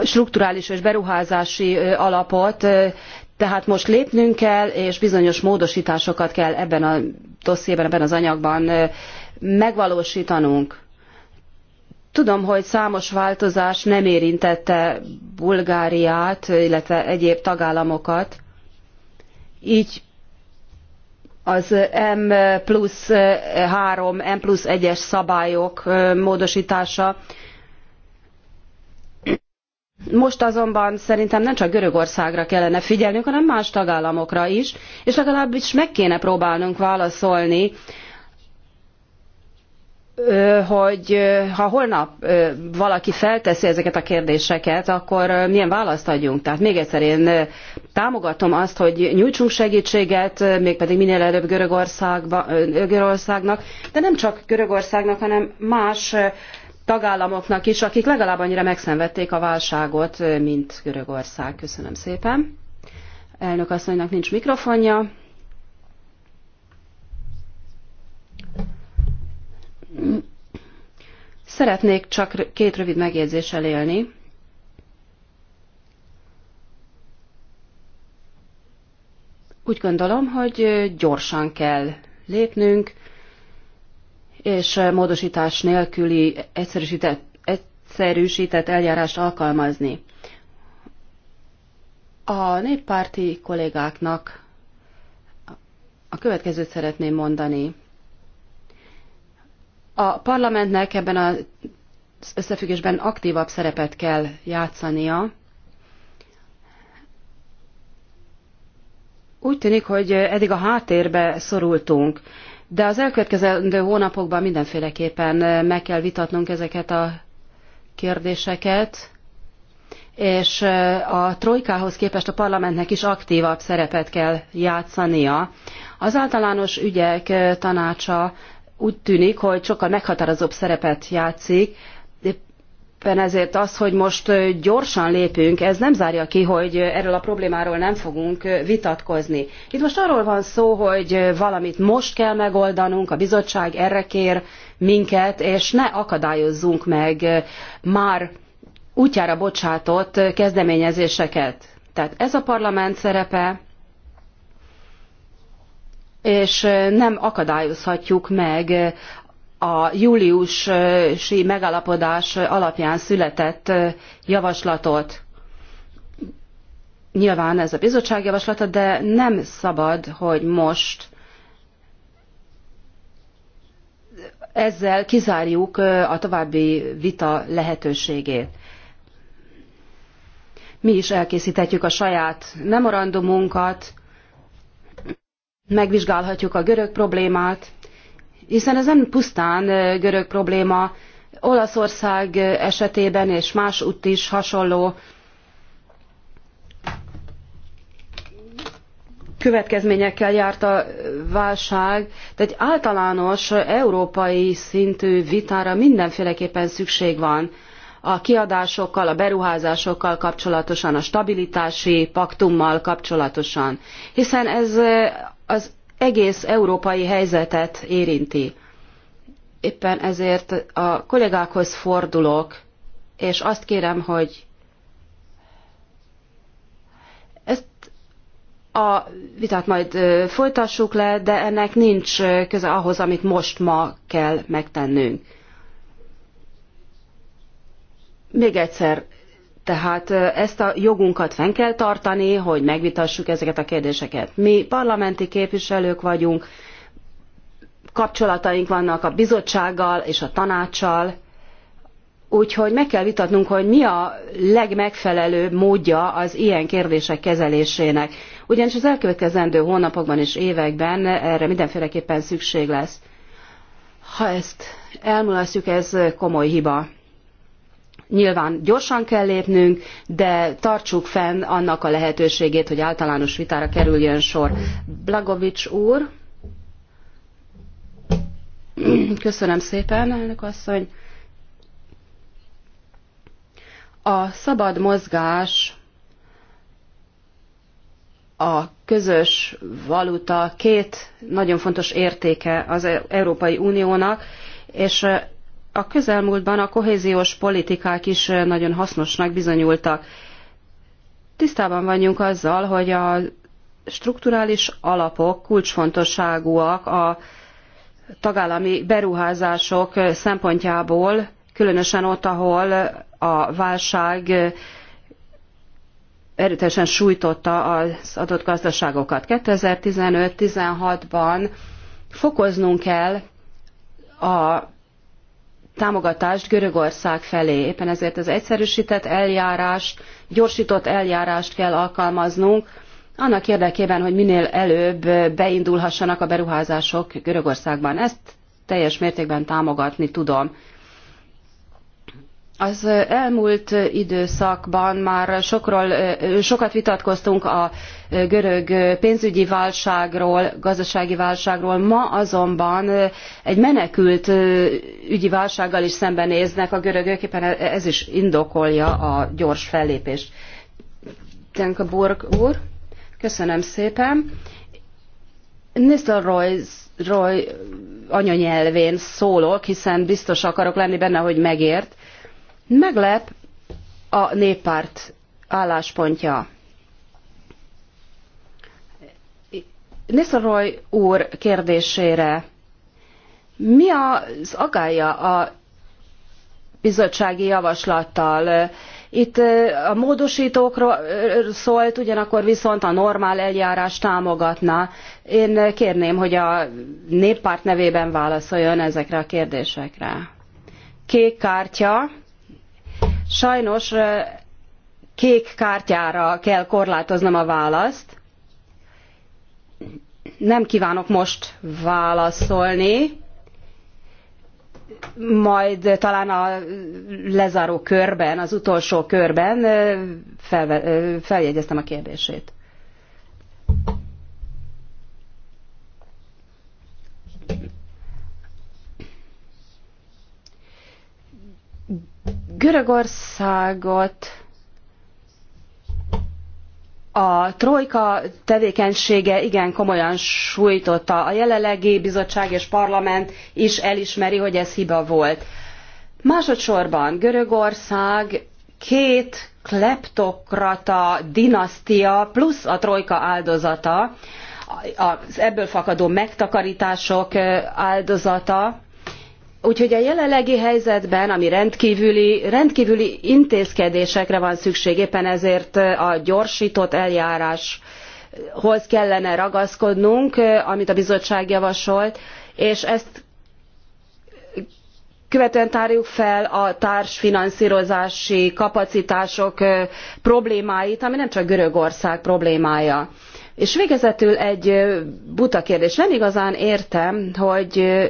strukturális és beruházási eh, alapot, tehát most lépnünk kell, és bizonyos módosításokat kell ebben a dossziében, ebben az anyagban megvalósítanunk. Tudom, hogy számos változás nem érintette Bulgáriát, illetve egyéb tagállamokat. Így az M plusz 3, M plusz 1-es szabályok módosítása. Most azonban szerintem nem csak Görögországra kellene figyelnünk, hanem más tagállamokra is, és legalábbis meg kéne próbálnunk válaszolni hogy ha holnap valaki felteszi ezeket a kérdéseket, akkor milyen választ adjunk. Tehát még egyszer én támogatom azt, hogy nyújtsunk segítséget, mégpedig minél előbb Görögországnak, de nem csak Görögországnak, hanem más tagállamoknak is, akik legalább annyira megszenvedték a válságot, mint Görögország. Köszönöm szépen. Elnök asszonynak nincs mikrofonja. Szeretnék csak két rövid megjegyzéssel élni. Úgy gondolom, hogy gyorsan kell lépnünk, és módosítás nélküli egyszerűsített, egyszerűsített eljárást alkalmazni. A néppárti kollégáknak a következőt szeretném mondani. A parlamentnek ebben az összefüggésben aktívabb szerepet kell játszania. Úgy tűnik, hogy eddig a háttérbe szorultunk, de az elkövetkező hónapokban mindenféleképpen meg kell vitatnunk ezeket a kérdéseket, és a trojkához képest a parlamentnek is aktívabb szerepet kell játszania. Az általános ügyek tanácsa úgy tűnik, hogy sokkal meghatározóbb szerepet játszik. Éppen ezért az, hogy most gyorsan lépünk, ez nem zárja ki, hogy erről a problémáról nem fogunk vitatkozni. Itt most arról van szó, hogy valamit most kell megoldanunk, a bizottság erre kér minket, és ne akadályozzunk meg már útjára bocsátott kezdeményezéseket. Tehát ez a parlament szerepe, és nem akadályozhatjuk meg a júliusi megállapodás alapján született javaslatot. Nyilván ez a bizottság javaslata, de nem szabad, hogy most ezzel kizárjuk a további vita lehetőségét. Mi is elkészíthetjük a saját memorandumunkat, megvizsgálhatjuk a görög problémát, hiszen ez nem pusztán görög probléma, Olaszország esetében és más út is hasonló következményekkel járt a válság, tehát általános európai szintű vitára mindenféleképpen szükség van a kiadásokkal, a beruházásokkal kapcsolatosan, a stabilitási paktummal kapcsolatosan, hiszen ez az egész európai helyzetet érinti. Éppen ezért a kollégákhoz fordulok, és azt kérem, hogy ezt a vitát majd folytassuk le, de ennek nincs köze ahhoz, amit most ma kell megtennünk. Még egyszer tehát ezt a jogunkat fenn kell tartani, hogy megvitassuk ezeket a kérdéseket. Mi parlamenti képviselők vagyunk, kapcsolataink vannak a bizottsággal és a tanácssal, úgyhogy meg kell vitatnunk, hogy mi a legmegfelelőbb módja az ilyen kérdések kezelésének. Ugyanis az elkövetkezendő hónapokban és években erre mindenféleképpen szükség lesz. Ha ezt elmulasztjuk, ez komoly hiba. Nyilván gyorsan kell lépnünk, de tartsuk fenn annak a lehetőségét, hogy általános vitára kerüljön sor. Blagovics úr. Köszönöm szépen, elnök asszony. A szabad mozgás a közös valuta két nagyon fontos értéke az Európai Uniónak, és a közelmúltban a kohéziós politikák is nagyon hasznosnak bizonyultak. Tisztában vagyunk azzal, hogy a strukturális alapok kulcsfontosságúak a tagállami beruházások szempontjából, különösen ott, ahol a válság erőteljesen sújtotta az adott gazdaságokat. 2015-16-ban fokoznunk kell a támogatást Görögország felé. Éppen ezért az egyszerűsített eljárást, gyorsított eljárást kell alkalmaznunk, annak érdekében, hogy minél előbb beindulhassanak a beruházások Görögországban. Ezt teljes mértékben támogatni tudom. Az elmúlt időszakban már sokról, sokat vitatkoztunk a görög pénzügyi válságról, gazdasági válságról. Ma azonban egy menekült ügyi válsággal is szembenéznek a görögök, éppen e-, ez is indokolja a gyors fellépést. Tenka Borg úr, köszönöm szépen. Nistelrooy anyanyelvén szólok, hiszen biztos akarok lenni benne, hogy megért Meglep a néppárt álláspontja. Niszaroly úr kérdésére mi az agája a bizottsági javaslattal? Itt a módosítókról szólt, ugyanakkor viszont a normál eljárás támogatna. Én kérném, hogy a néppárt nevében válaszoljon ezekre a kérdésekre. Kék kártya. Sajnos kék kártyára kell korlátoznom a választ. Nem kívánok most válaszolni, majd talán a lezáró körben, az utolsó körben feljegyeztem a kérdését. Görögországot a trojka tevékenysége igen komolyan sújtotta. A jelenlegi bizottság és parlament is elismeri, hogy ez hiba volt. Másodszorban Görögország két kleptokrata dinasztia plusz a trojka áldozata, az ebből fakadó megtakarítások áldozata, Úgyhogy a jelenlegi helyzetben, ami rendkívüli, rendkívüli intézkedésekre van szükség, éppen ezért a gyorsított eljáráshoz kellene ragaszkodnunk, amit a bizottság javasolt, és ezt követően tárjuk fel a társfinanszírozási kapacitások problémáit, ami nem csak Görögország problémája. És végezetül egy buta kérdés. Nem igazán értem, hogy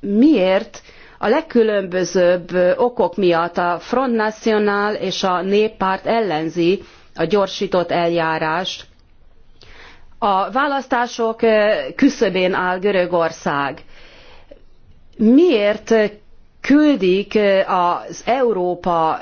miért a legkülönbözőbb okok miatt a Front National és a Néppárt ellenzi a gyorsított eljárást. A választások eh, küszöbén áll Görögország. Miért küldik eh, az Európa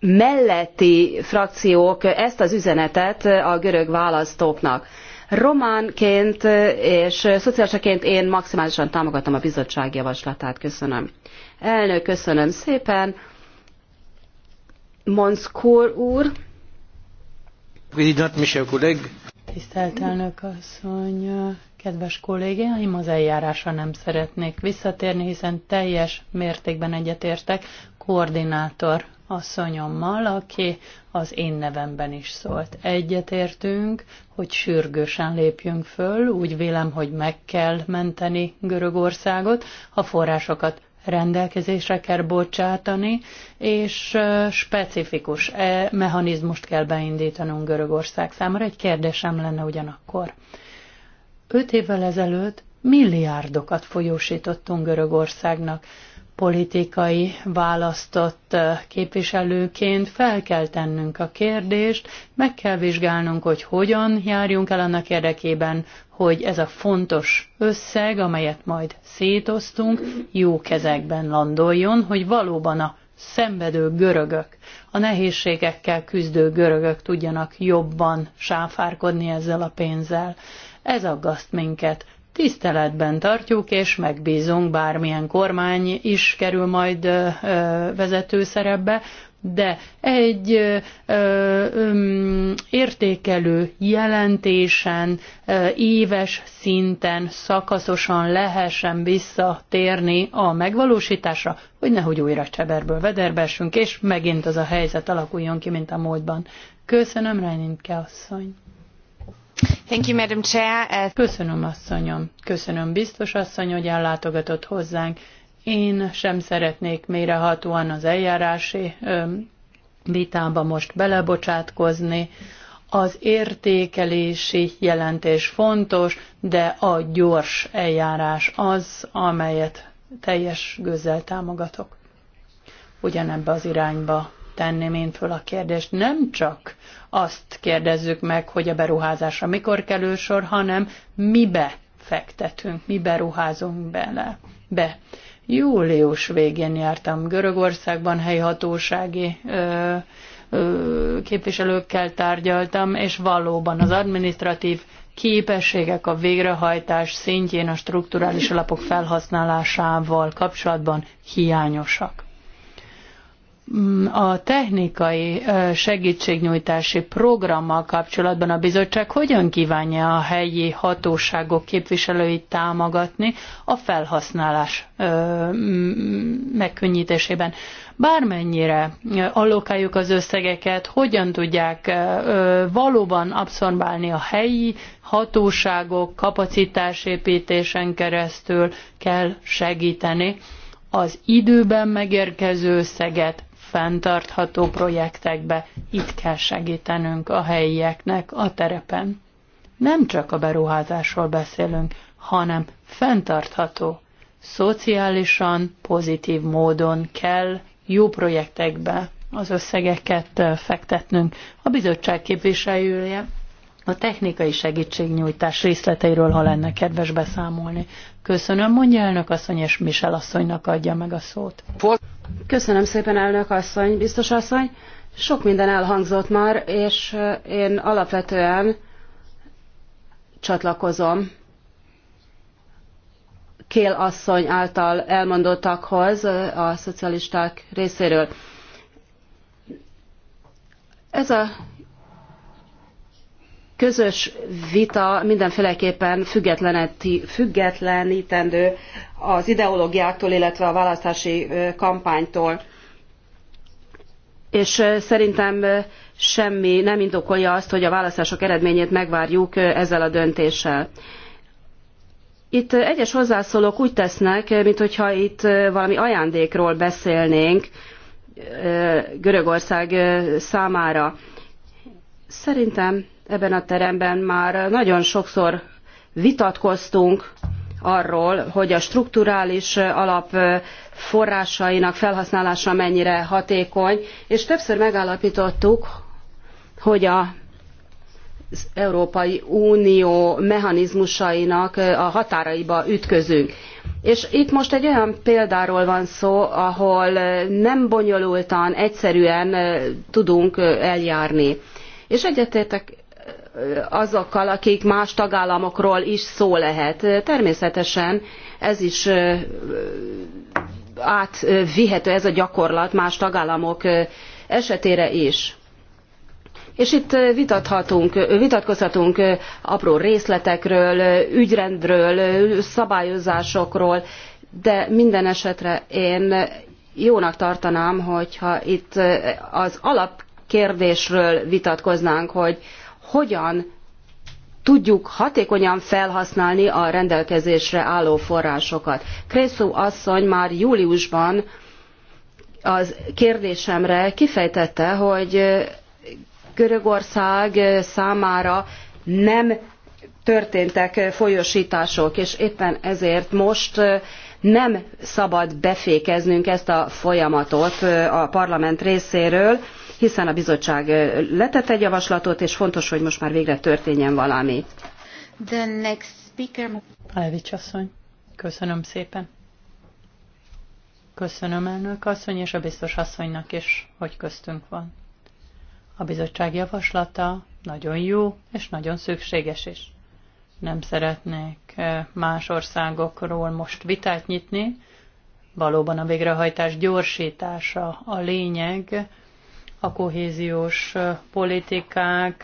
melletti frakciók ezt az üzenetet eh, a görög választóknak? Románként és szociálisaként én maximálisan támogatom a bizottság javaslatát. Köszönöm. Elnök, köszönöm szépen. Monszkór úr. Tisztelt elnök asszony, Kedves kollégáim, az eljárásra nem szeretnék visszatérni, hiszen teljes mértékben egyetértek koordinátor asszonyommal, aki az én nevemben is szólt. Egyetértünk, hogy sürgősen lépjünk föl, úgy vélem, hogy meg kell menteni Görögországot, a forrásokat rendelkezésre kell bocsátani, és specifikus e, mechanizmust kell beindítanunk Görögország számára. Egy kérdésem lenne ugyanakkor. Öt évvel ezelőtt milliárdokat folyósítottunk Görögországnak. Politikai választott képviselőként fel kell tennünk a kérdést, meg kell vizsgálnunk, hogy hogyan járjunk el annak érdekében, hogy ez a fontos összeg, amelyet majd szétoztunk, jó kezekben landoljon, hogy valóban a szenvedő görögök, a nehézségekkel küzdő görögök tudjanak jobban sáfárkodni ezzel a pénzzel. Ez aggaszt minket. Tiszteletben tartjuk és megbízunk, bármilyen kormány is kerül majd vezető szerepbe, de egy ö, ö, értékelő jelentésen ö, éves szinten szakaszosan lehessen visszatérni a megvalósításra, hogy nehogy újra cseberből vederbessünk, és megint az a helyzet alakuljon ki, mint a múltban. Köszönöm, Reininke asszony! Uh, Köszönöm, asszonyom. Köszönöm, biztos asszony, hogy ellátogatott hozzánk. Én sem szeretnék mélyrehatóan az eljárási vitába most belebocsátkozni. Az értékelési jelentés fontos, de a gyors eljárás az, amelyet teljes gőzzel támogatok. Ugyanebbe az irányba tenném én föl a kérdést. Nem csak azt kérdezzük meg, hogy a beruházásra mikor kerül sor, hanem mibe fektetünk, mibe ruházunk bele. Be. Július végén jártam Görögországban, helyhatósági ö, ö, képviselőkkel tárgyaltam, és valóban az administratív képességek a végrehajtás szintjén a strukturális alapok felhasználásával kapcsolatban hiányosak a technikai segítségnyújtási programmal kapcsolatban a bizottság hogyan kívánja a helyi hatóságok képviselőit támogatni a felhasználás megkönnyítésében. Bármennyire allokáljuk az összegeket, hogyan tudják valóban abszorbálni a helyi hatóságok kapacitásépítésen keresztül kell segíteni az időben megérkező összeget fenntartható projektekbe. Itt kell segítenünk a helyieknek a terepen. Nem csak a beruházásról beszélünk, hanem fenntartható, szociálisan pozitív módon kell jó projektekbe az összegeket fektetnünk. A bizottság képviselője a technikai segítségnyújtás részleteiről, ha lenne kedves beszámolni. Köszönöm, mondja elnök asszony, és Michel asszonynak adja meg a szót. Köszönöm szépen, elnök asszony, biztos asszony. Sok minden elhangzott már, és eh, én alapvetően csatlakozom Kél asszony által elmondottakhoz eh, a szocialisták részéről. Ez a közös vita mindenféleképpen függetlenítendő az ideológiáktól, illetve a választási kampánytól. És szerintem semmi nem indokolja azt, hogy a választások eredményét megvárjuk ezzel a döntéssel. Itt egyes hozzászólók úgy tesznek, mintha itt valami ajándékról beszélnénk Görögország számára. Szerintem ebben a teremben már nagyon sokszor vitatkoztunk arról, hogy a strukturális alap forrásainak felhasználása mennyire hatékony, és többször megállapítottuk, hogy a az Európai Unió mechanizmusainak a határaiba ütközünk. És itt most egy olyan példáról van szó, ahol nem bonyolultan, egyszerűen tudunk eljárni. És egyetértek azokkal, akik más tagállamokról is szó lehet. Természetesen ez is átvihető ez a gyakorlat más tagállamok esetére is. És itt vitathatunk, vitatkozhatunk apró részletekről, ügyrendről, szabályozásokról, de minden esetre én jónak tartanám, hogyha itt az alapkérdésről vitatkoznánk, hogy hogyan tudjuk hatékonyan felhasználni a rendelkezésre álló forrásokat. Kresszó asszony már júliusban az kérdésemre kifejtette, hogy Görögország számára nem történtek folyosítások, és éppen ezért most nem szabad befékeznünk ezt a folyamatot a parlament részéről hiszen a bizottság letett egy javaslatot, és fontos, hogy most már végre történjen valami. The next speaker... asszony, köszönöm szépen. Köszönöm elnök asszony és a biztos asszonynak is, hogy köztünk van. A bizottság javaslata nagyon jó és nagyon szükséges is. Nem szeretnék más országokról most vitát nyitni, valóban a végrehajtás gyorsítása a lényeg, a kohéziós politikák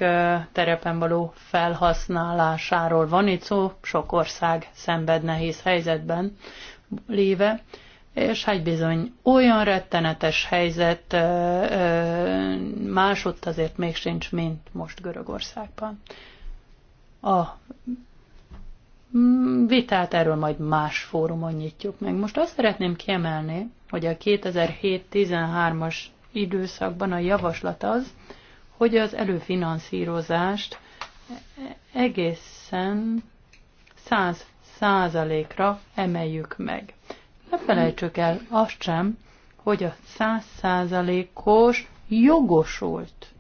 terepen való felhasználásáról van itt szó, sok ország szenved nehéz helyzetben léve, és hát bizony olyan rettenetes helyzet másutt azért még sincs, mint most Görögországban. A vitát erről majd más fórumon nyitjuk meg. Most azt szeretném kiemelni, hogy a 2007-13-as időszakban a javaslat az, hogy az előfinanszírozást egészen 100 százalékra emeljük meg. Ne felejtsük el azt sem, hogy a 100 százalékos jogosult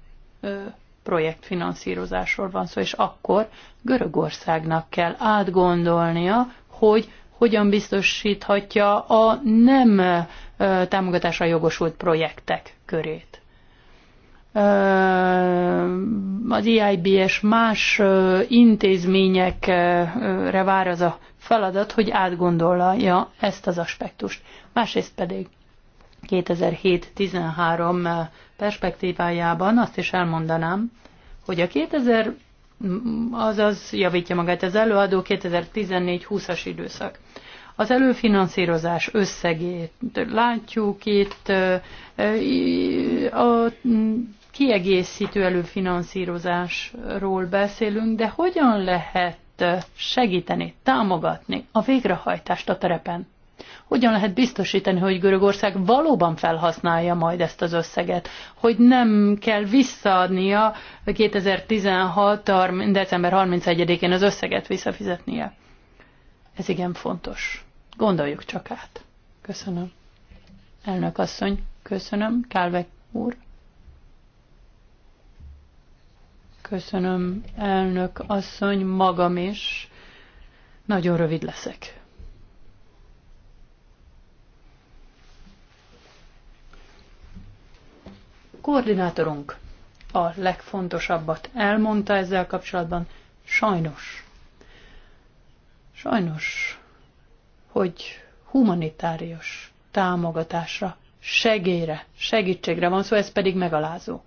projektfinanszírozásról van szó, és akkor Görögországnak kell átgondolnia, hogy hogyan biztosíthatja a nem támogatásra jogosult projektek körét. Az e iib és más intézményekre vár az a feladat, hogy átgondolja ezt az aspektust. Másrészt pedig 2007-13 perspektívájában azt is elmondanám, hogy a 2000, azaz javítja magát az előadó 2014-20-as időszak. Az előfinanszírozás összegét látjuk itt, a kiegészítő előfinanszírozásról beszélünk, de hogyan lehet segíteni, támogatni a végrehajtást a terepen? Hogyan lehet biztosítani, hogy Görögország valóban felhasználja majd ezt az összeget, hogy nem kell visszaadnia 2016. december 31-én az összeget visszafizetnie? Ez igen fontos. Gondoljuk csak át. Köszönöm. Elnök asszony, köszönöm. Kálvek úr. Köszönöm, elnök asszony, magam is. Nagyon rövid leszek. Koordinátorunk a legfontosabbat elmondta ezzel kapcsolatban. Sajnos. Sajnos hogy humanitárius támogatásra, segélyre, segítségre van szó, ez pedig megalázó.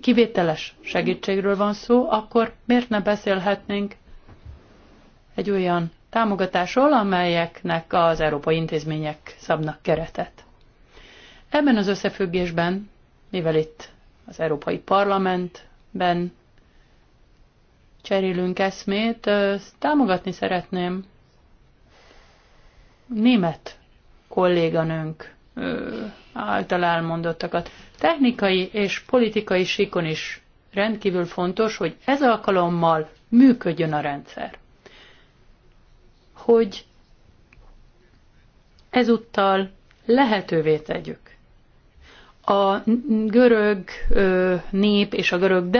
Kivételes segítségről van szó, akkor miért ne beszélhetnénk egy olyan támogatásról, amelyeknek az európai intézmények szabnak keretet. Ebben az összefüggésben, mivel itt az Európai Parlamentben cserélünk eszmét, támogatni szeretném német kolléganőnk által elmondottakat. Technikai és politikai síkon is rendkívül fontos, hogy ez alkalommal működjön a rendszer. Hogy ezúttal lehetővé tegyük a görög nép és a görög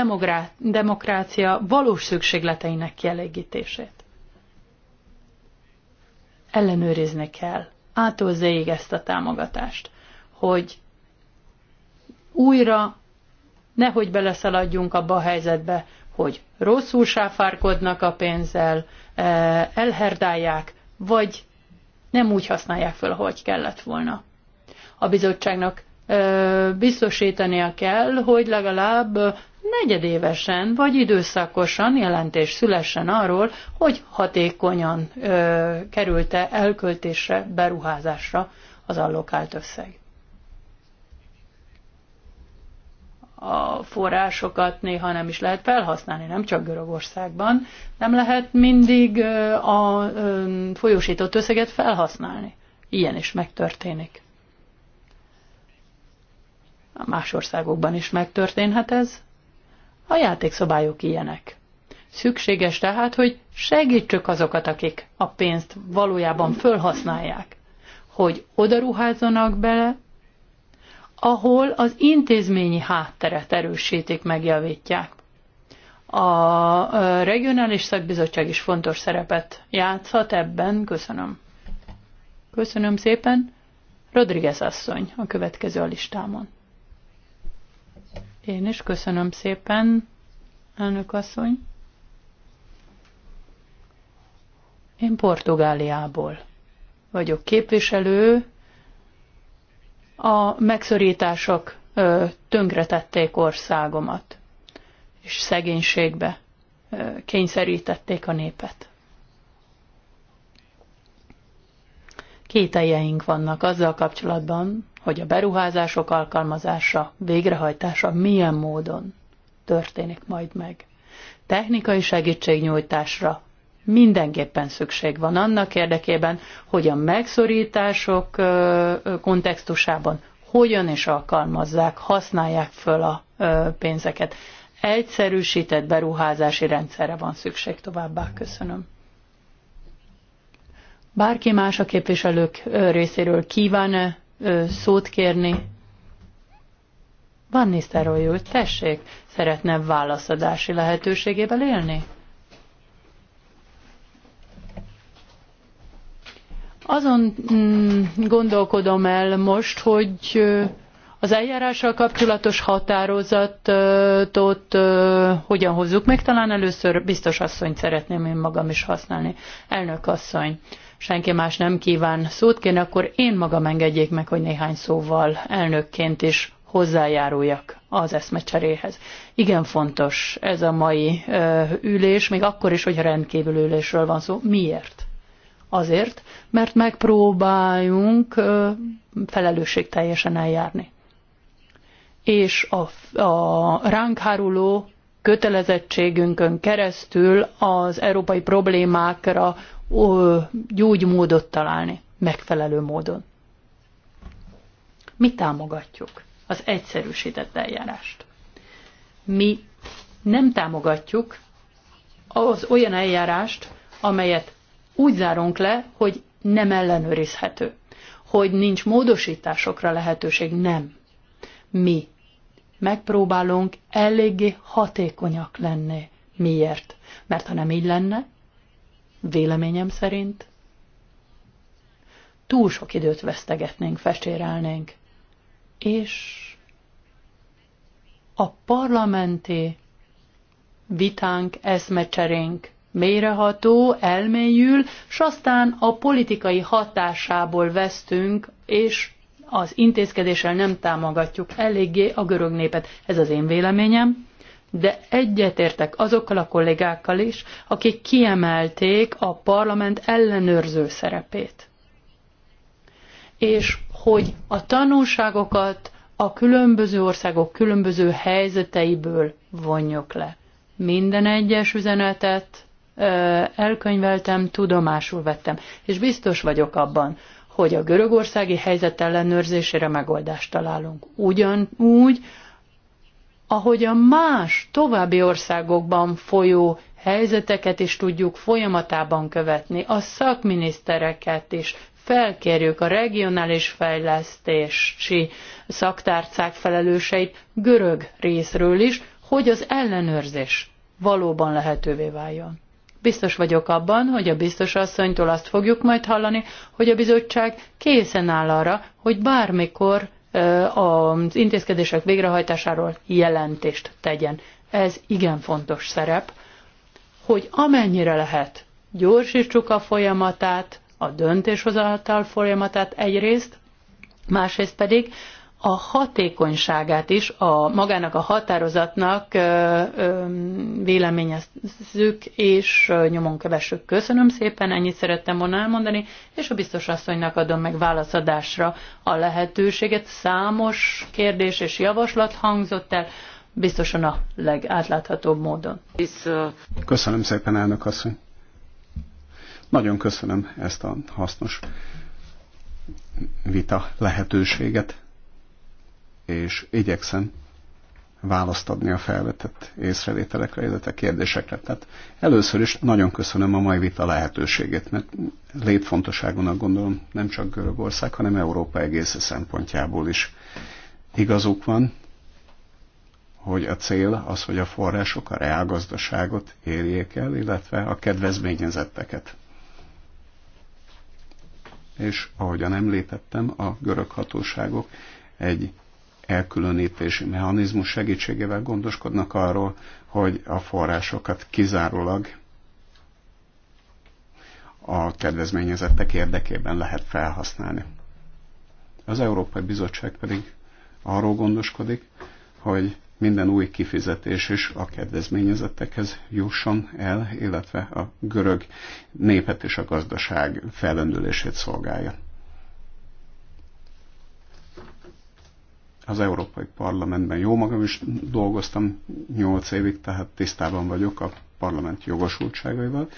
demokrácia valós szükségleteinek kielégítését. Ellenőrizni kell átolzéig ezt a támogatást, hogy újra nehogy beleszaladjunk abba a helyzetbe, hogy rosszul sáfárkodnak a pénzzel, elherdálják, vagy nem úgy használják föl, ahogy kellett volna. A bizottságnak biztosítania kell, hogy legalább negyedévesen vagy időszakosan jelentés szülessen arról, hogy hatékonyan kerülte elköltésre, beruházásra az allokált összeg. A forrásokat néha nem is lehet felhasználni, nem csak Görögországban. Nem lehet mindig a folyósított összeget felhasználni. Ilyen is megtörténik. Más országokban is megtörténhet ez. A játékszobályok ilyenek. Szükséges tehát, hogy segítsük azokat, akik a pénzt valójában fölhasználják, hogy odaruházzanak bele, ahol az intézményi hátteret erősítik, megjavítják. A regionális szakbizottság is fontos szerepet játszhat ebben. Köszönöm. Köszönöm szépen. Rodriguez asszony a következő a listámon. Én is köszönöm szépen, elnök asszony. Én Portugáliából vagyok képviselő. A megszorítások ö, tönkretették országomat, és szegénységbe ö, kényszerítették a népet. Kételjeink vannak azzal kapcsolatban, hogy a beruházások alkalmazása, végrehajtása milyen módon történik majd meg. Technikai segítségnyújtásra mindenképpen szükség van annak érdekében, hogy a megszorítások kontextusában hogyan is alkalmazzák, használják föl a pénzeket. Egyszerűsített beruházási rendszerre van szükség továbbá. Köszönöm. Bárki más a képviselők részéről kíván szót kérni? Van Nisztároly úr, tessék, szeretne válaszadási lehetőségével élni? Azon mm, gondolkodom el most, hogy az eljárással kapcsolatos határozatot hogyan hozzuk meg. Talán először biztos asszonyt szeretném én magam is használni. Elnök asszony, senki más nem kíván szót kérni, akkor én magam engedjék meg, hogy néhány szóval elnökként is hozzájáruljak az eszmecseréhez. Igen fontos ez a mai ö, ülés, még akkor is, hogy rendkívül ülésről van szó. Miért? Azért, mert megpróbáljunk ö, felelősségteljesen eljárni. És a, a ránk háruló kötelezettségünkön keresztül az európai problémákra gyógymódot találni, megfelelő módon. Mi támogatjuk az egyszerűsített eljárást. Mi nem támogatjuk az olyan eljárást, amelyet úgy zárunk le, hogy nem ellenőrizhető, hogy nincs módosításokra lehetőség, nem. Mi megpróbálunk eléggé hatékonyak lenni. Miért? Mert ha nem így lenne, Véleményem szerint túl sok időt vesztegetnénk, festérelnénk, és a parlamenti vitánk, eszmecserénk méreható, elmélyül, s aztán a politikai hatásából vesztünk, és az intézkedéssel nem támogatjuk eléggé a görög népet. Ez az én véleményem de egyetértek azokkal a kollégákkal is, akik kiemelték a parlament ellenőrző szerepét. És hogy a tanulságokat a különböző országok különböző helyzeteiből vonjuk le. Minden egyes üzenetet elkönyveltem, tudomásul vettem, és biztos vagyok abban, hogy a görögországi helyzet ellenőrzésére megoldást találunk. Ugyanúgy, ahogy a más további országokban folyó helyzeteket is tudjuk folyamatában követni, a szakminisztereket is felkérjük a regionális fejlesztési szaktárcák felelőseit görög részről is, hogy az ellenőrzés valóban lehetővé váljon. Biztos vagyok abban, hogy a biztos asszonytól azt fogjuk majd hallani, hogy a bizottság készen áll arra, hogy bármikor az intézkedések végrehajtásáról jelentést tegyen. Ez igen fontos szerep, hogy amennyire lehet gyorsítsuk a folyamatát, a döntéshozatal folyamatát egyrészt, másrészt pedig a hatékonyságát is a magának a határozatnak véleményezzük és nyomon kövessük. Köszönöm szépen, ennyit szerettem volna elmondani, és a biztos asszonynak adom meg válaszadásra a lehetőséget. Számos kérdés és javaslat hangzott el, biztosan a legátláthatóbb módon. Köszönöm szépen, elnök asszony. Nagyon köszönöm ezt a hasznos vita lehetőséget és igyekszem választ adni a felvetett észrevételekre, illetve kérdésekre. Tehát először is nagyon köszönöm a mai vita lehetőségét, mert létfontosságúnak gondolom nem csak Görögország, hanem Európa egész szempontjából is igazuk van, hogy a cél az, hogy a források a reálgazdaságot érjék el, illetve a kedvezményezetteket. És ahogyan említettem, a görög hatóságok egy elkülönítési mechanizmus segítségével gondoskodnak arról, hogy a forrásokat kizárólag a kedvezményezettek érdekében lehet felhasználni. Az Európai Bizottság pedig arról gondoskodik, hogy minden új kifizetés is a kedvezményezettekhez jusson el, illetve a görög népet és a gazdaság fellendülését szolgálja. az Európai Parlamentben jó magam is dolgoztam 8 évig, tehát tisztában vagyok a parlament jogosultságaival.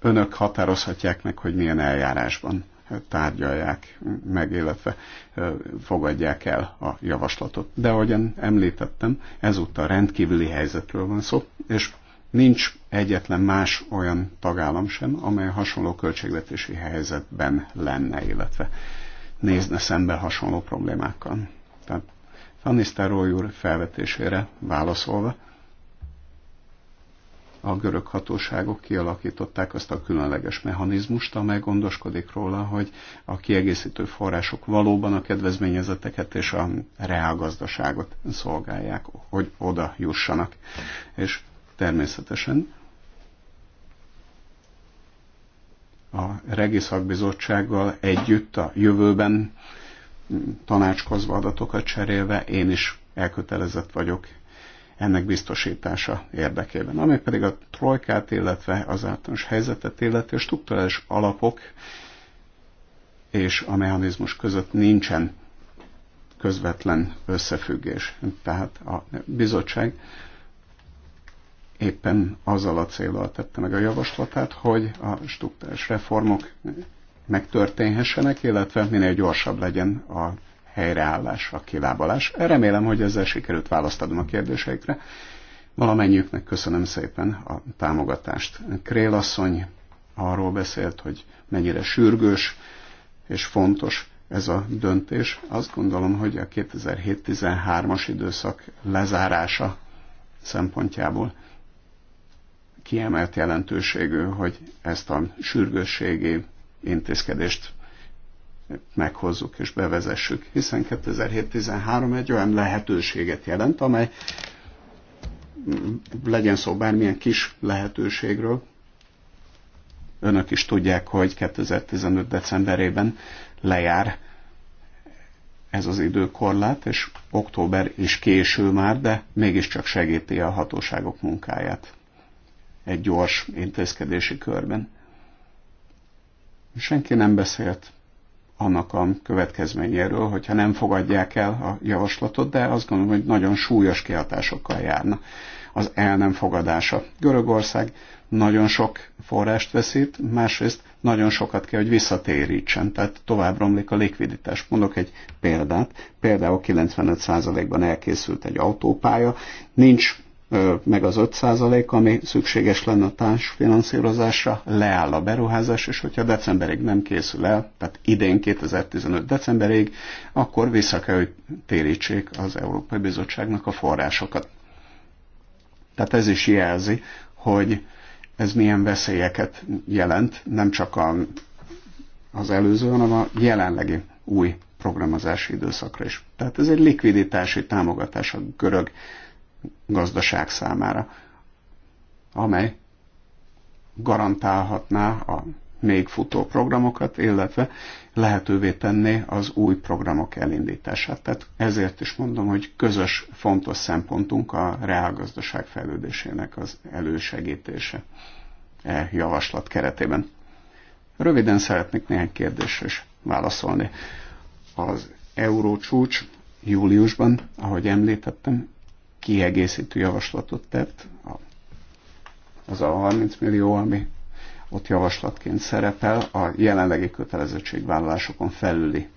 Önök határozhatják meg, hogy milyen eljárásban tárgyalják meg, illetve fogadják el a javaslatot. De ahogyan említettem, ezúttal rendkívüli helyzetről van szó, és nincs egyetlen más olyan tagállam sem, amely hasonló költségvetési helyzetben lenne, illetve nézne szembe hasonló problémákkal. Tehát Van Nisztároly úr felvetésére válaszolva, a görög hatóságok kialakították azt a különleges mechanizmust, amely gondoskodik róla, hogy a kiegészítő források valóban a kedvezményezeteket és a reálgazdaságot szolgálják, hogy oda jussanak. És természetesen a Regiszakbizottsággal együtt a jövőben tanácskozva adatokat cserélve én is elkötelezett vagyok ennek biztosítása érdekében. Ami pedig a trojkát, illetve az általános helyzetet illeti, a struktúrális alapok és a mechanizmus között nincsen közvetlen összefüggés. Tehát a bizottság éppen azzal a célral tette meg a javaslatát, hogy a struktúrás reformok megtörténhessenek, illetve minél gyorsabb legyen a helyreállás, a kilábalás. Remélem, hogy ezzel sikerült választ adom a kérdéseikre. Valamennyiüknek köszönöm szépen a támogatást. Krélasszony arról beszélt, hogy mennyire sürgős és fontos ez a döntés. Azt gondolom, hogy a 2007-13-as időszak lezárása szempontjából kiemelt jelentőségű, hogy ezt a sürgősségi intézkedést meghozzuk és bevezessük, hiszen 2007-13 egy olyan lehetőséget jelent, amely mm, legyen szó bármilyen kis lehetőségről. Önök is tudják, hogy 2015. decemberében lejár ez az időkorlát, és október is késő már, de mégiscsak segíti a hatóságok munkáját egy gyors intézkedési körben. Senki nem beszélt annak a következményéről, hogyha nem fogadják el a javaslatot, de azt gondolom, hogy nagyon súlyos kihatásokkal járna az el nem fogadása. Görögország nagyon sok forrást veszít, másrészt nagyon sokat kell, hogy visszatérítsen, tehát tovább romlik a likviditás. Mondok egy példát, például 95%-ban elkészült egy autópálya, nincs meg az 5 ami szükséges lenne a társfinanszírozásra, leáll a beruházás, és hogyha decemberig nem készül el, tehát idén 2015 decemberig, akkor vissza kell, hogy térítsék az Európai Bizottságnak a forrásokat. Tehát ez is jelzi, hogy ez milyen veszélyeket jelent, nem csak a, az előző, hanem a jelenlegi új programozási időszakra is. Tehát ez egy likviditási támogatás a görög gazdaság számára, amely garantálhatná a még futó programokat, illetve lehetővé tenné az új programok elindítását. Tehát ezért is mondom, hogy közös fontos szempontunk a reálgazdaság fejlődésének az elősegítése e javaslat keretében. Röviden szeretnék néhány kérdésre is válaszolni. Az Eurócsúcs júliusban, ahogy említettem, kiegészítő javaslatot tett, az a 30 millió, ami ott javaslatként szerepel, a jelenlegi kötelezettségvállalásokon felüli.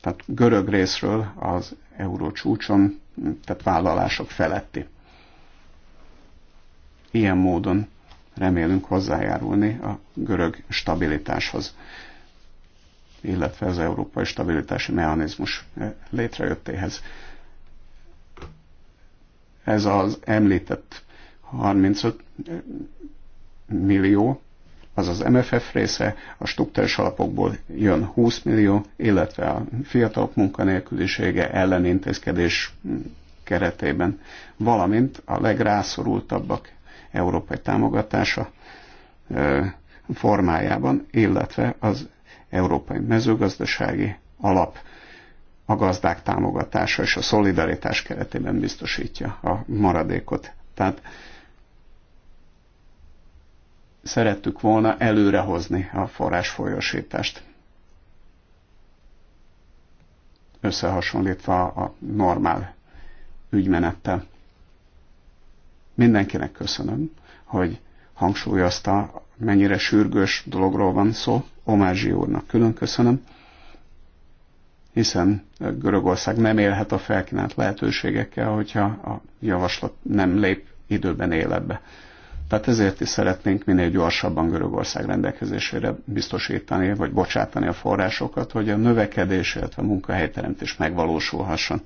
Tehát görög részről az euró csúcson, tehát vállalások feletti. Ilyen módon remélünk hozzájárulni a görög stabilitáshoz illetve az európai stabilitási mechanizmus eh, létrejöttéhez. Ez az említett 35 eh, millió, az az MFF része, a struktúrás alapokból jön 20 millió, illetve a fiatalok munkanélkülisége ellen hm, keretében, valamint a legrászorultabbak európai támogatása eh, formájában, illetve az európai mezőgazdasági alap a gazdák támogatása és a szolidaritás keretében biztosítja a maradékot. Tehát szerettük volna előrehozni a forrásfolyósítást. Összehasonlítva a normál ügymenettel. Mindenkinek köszönöm, hogy hangsúlyozta mennyire sürgős dologról van szó. Omázsi úrnak külön köszönöm, hiszen Görögország nem élhet a felkínált lehetőségekkel, hogyha a javaslat nem lép időben életbe. Tehát ezért is szeretnénk minél gyorsabban Görögország rendelkezésére biztosítani, vagy bocsátani a forrásokat, hogy a növekedés, illetve a munkahelyteremtés megvalósulhasson.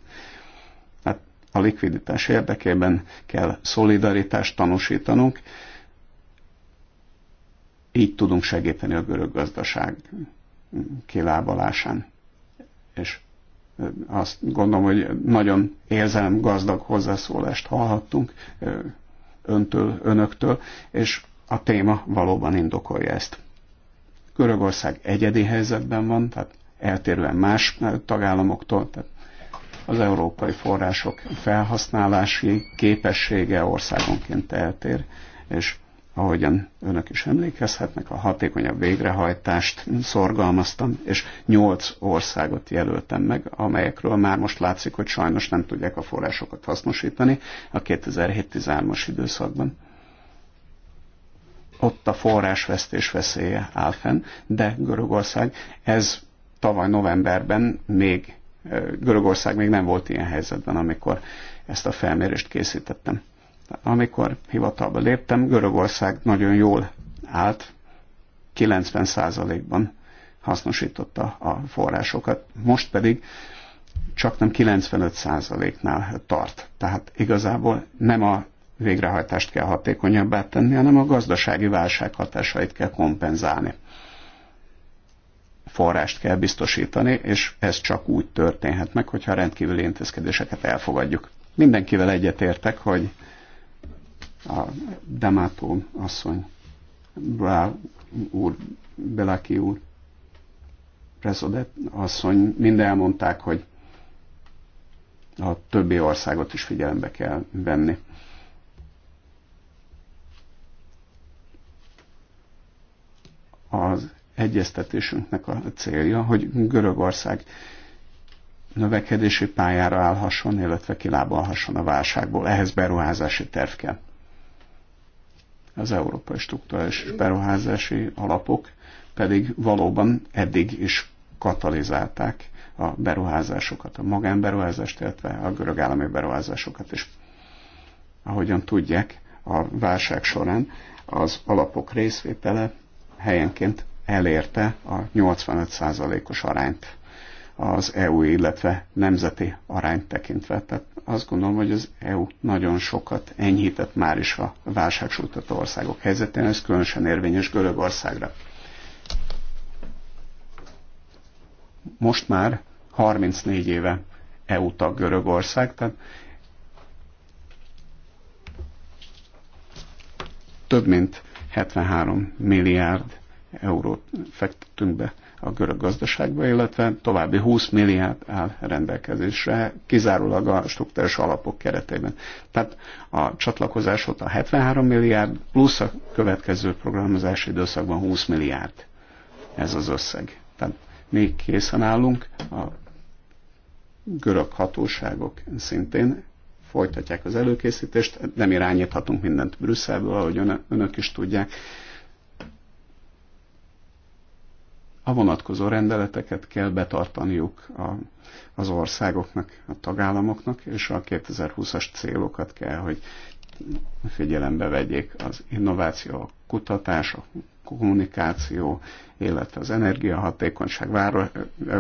Tehát a likviditás érdekében kell szolidaritást tanúsítanunk, így tudunk segíteni a görög gazdaság kilábalásán. És azt gondolom, hogy nagyon érzelem gazdag hozzászólást hallhattunk öntől, önöktől, és a téma valóban indokolja ezt. Görögország egyedi helyzetben van, tehát eltérően más tagállamoktól, tehát az európai források felhasználási képessége országonként eltér, és ahogyan önök is emlékezhetnek, a hatékonyabb végrehajtást szorgalmaztam, és nyolc országot jelöltem meg, amelyekről már most látszik, hogy sajnos nem tudják a forrásokat hasznosítani a 2007-13-as időszakban. Ott a forrásvesztés veszélye áll fenn, de Görögország ez tavaly novemberben még Görögország még nem volt ilyen helyzetben, amikor ezt a felmérést készítettem amikor hivatalba léptem, Görögország nagyon jól állt, 90%-ban hasznosította a forrásokat, most pedig csak nem 95%-nál tart. Tehát igazából nem a végrehajtást kell hatékonyabbá tenni, hanem a gazdasági válság hatásait kell kompenzálni. Forrást kell biztosítani, és ez csak úgy történhet meg, hogyha rendkívüli intézkedéseket elfogadjuk. Mindenkivel egyetértek, hogy a Demátó asszony, Brál úr, Belaki úr, Prezodet asszony, mind elmondták, hogy a többi országot is figyelembe kell venni. Az egyeztetésünknek a célja, hogy Görögország növekedési pályára állhasson, illetve kilábalhasson a válságból. Ehhez beruházási terv kell. Az Európai Struktúrális és Beruházási Alapok pedig valóban eddig is katalizálták a beruházásokat, a magánberuházást, illetve a görög állami beruházásokat is. Ahogyan tudják, a válság során az alapok részvétele helyenként elérte a 85%-os arányt az EU, illetve nemzeti arányt tekintve. Tehát azt gondolom, hogy az EU nagyon sokat enyhített már is a válságsújtató országok helyzetén, ez különösen érvényes Görögországra. Most már 34 éve EU tag Görögország, tehát több mint 73 milliárd eurót fektettünk be a görög gazdaságba, illetve további 20 milliárd áll rendelkezésre, kizárólag a struktúrás alapok keretében. Tehát a csatlakozás ott a 73 milliárd, plusz a következő programozási időszakban 20 milliárd. Ez az összeg. Tehát még készen állunk, a görög hatóságok szintén folytatják az előkészítést, nem irányíthatunk mindent Brüsszelből, ahogy önök is tudják, a vonatkozó rendeleteket kell betartaniuk a, az országoknak, a tagállamoknak, és a 2020-as célokat kell, hogy figyelembe vegyék az innováció, a kutatás, a kommunikáció, illetve az energiahatékonyság, város,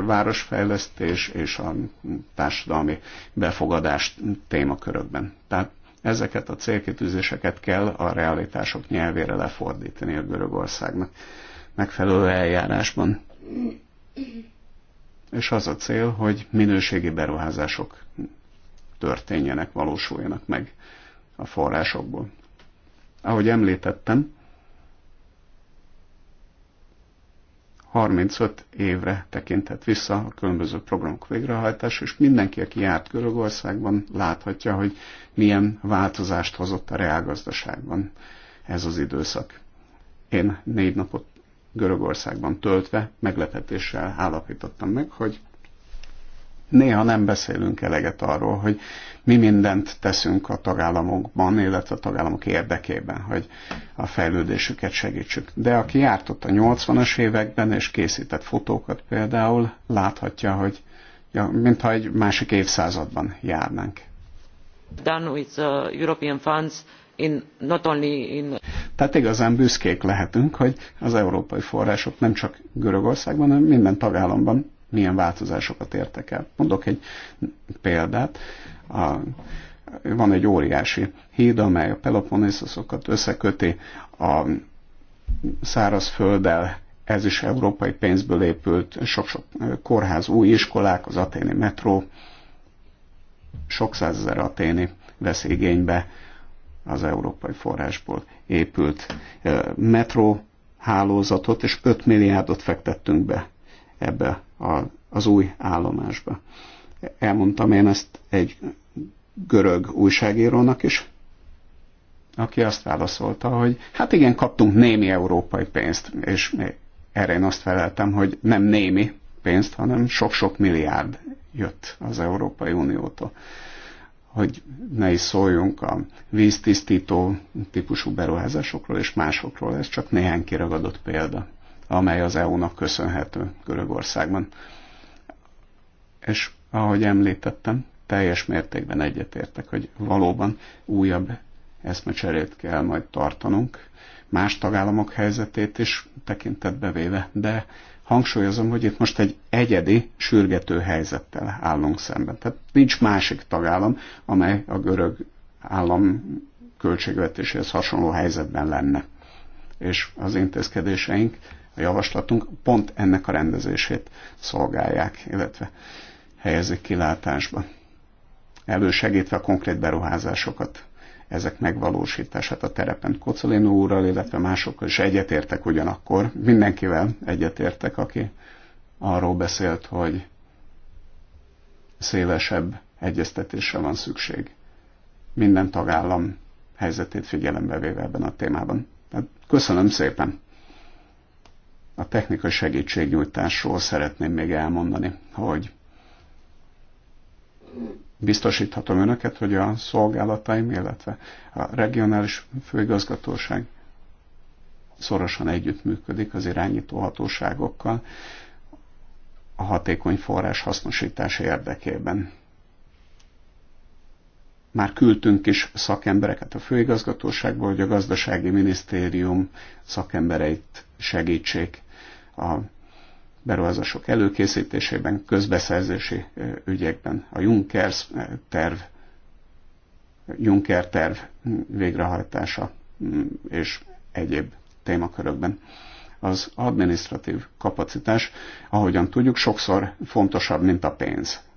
városfejlesztés és a társadalmi befogadás témakörökben. Tehát ezeket a célkitűzéseket kell a realitások nyelvére lefordítani a Görögországnak megfelelő eljárásban. És az a cél, hogy minőségi beruházások történjenek, valósuljanak meg a forrásokból. Ahogy említettem, 35 évre tekintett vissza a különböző programok végrehajtás, és mindenki, aki járt Görögországban, láthatja, hogy milyen változást hozott a reálgazdaságban ez az időszak. Én négy napot Görögországban töltve meglepetéssel állapítottam meg, hogy néha nem beszélünk eleget arról, hogy mi mindent teszünk a tagállamokban, illetve a tagállamok érdekében, hogy a fejlődésüket segítsük. De aki járt ott a 80-as években és készített fotókat például, láthatja, hogy ja, mintha egy másik évszázadban járnánk. Done with uh, European funds in, not only in... Tehát igazán büszkék lehetünk, hogy az európai források nem csak Görögországban, hanem minden tagállamban milyen változásokat értek el. Mondok egy példát. A, van egy óriási híd, amely a Peloponnesoszokat összeköti a szárazfölddel, ez is európai pénzből épült, sok-sok kórház, új iskolák, az aténi metró, sok százezer aténi vesz igénybe az európai forrásból épült metró hálózatot, és 5 milliárdot fektettünk be ebbe az új állomásba. Elmondtam én ezt egy görög újságírónak is, aki azt válaszolta, hogy hát igen, kaptunk némi európai pénzt, és erre én azt feleltem, hogy nem némi pénzt, hanem sok-sok milliárd jött az Európai Uniótól hogy ne is szóljunk a víztisztító típusú beruházásokról és másokról. Ez csak néhány kiragadott példa, amely az EU-nak köszönhető Görögországban. És ahogy említettem, teljes mértékben egyetértek, hogy valóban újabb eszmecserét kell majd tartanunk, más tagállamok helyzetét is tekintetbe véve, de hangsúlyozom, hogy itt most egy egyedi, sürgető helyzettel állunk szemben. Tehát nincs másik tagállam, amely a görög állam költségvetéséhez hasonló helyzetben lenne. És az intézkedéseink, a javaslatunk pont ennek a rendezését szolgálják, illetve helyezik kilátásba. Elősegítve a konkrét beruházásokat ezek megvalósítását a terepen. Kocolino úrral, illetve másokkal is egyetértek ugyanakkor, mindenkivel egyetértek, aki arról beszélt, hogy szélesebb egyeztetésre van szükség. Minden tagállam helyzetét figyelembe véve ebben a témában. Hát köszönöm szépen! A technikai segítségnyújtásról szeretném még elmondani, hogy biztosíthatom önöket, hogy a szolgálataim, illetve a regionális főigazgatóság szorosan együttműködik az irányító hatóságokkal a hatékony forrás hasznosítása érdekében. Már küldtünk is szakembereket a főigazgatóságból, hogy a gazdasági minisztérium szakembereit segítsék a beruházások előkészítésében, közbeszerzési ügyekben. A Juncker terv, Juncker terv végrehajtása és egyéb témakörökben. Az administratív kapacitás, ahogyan tudjuk, sokszor fontosabb, mint a pénz.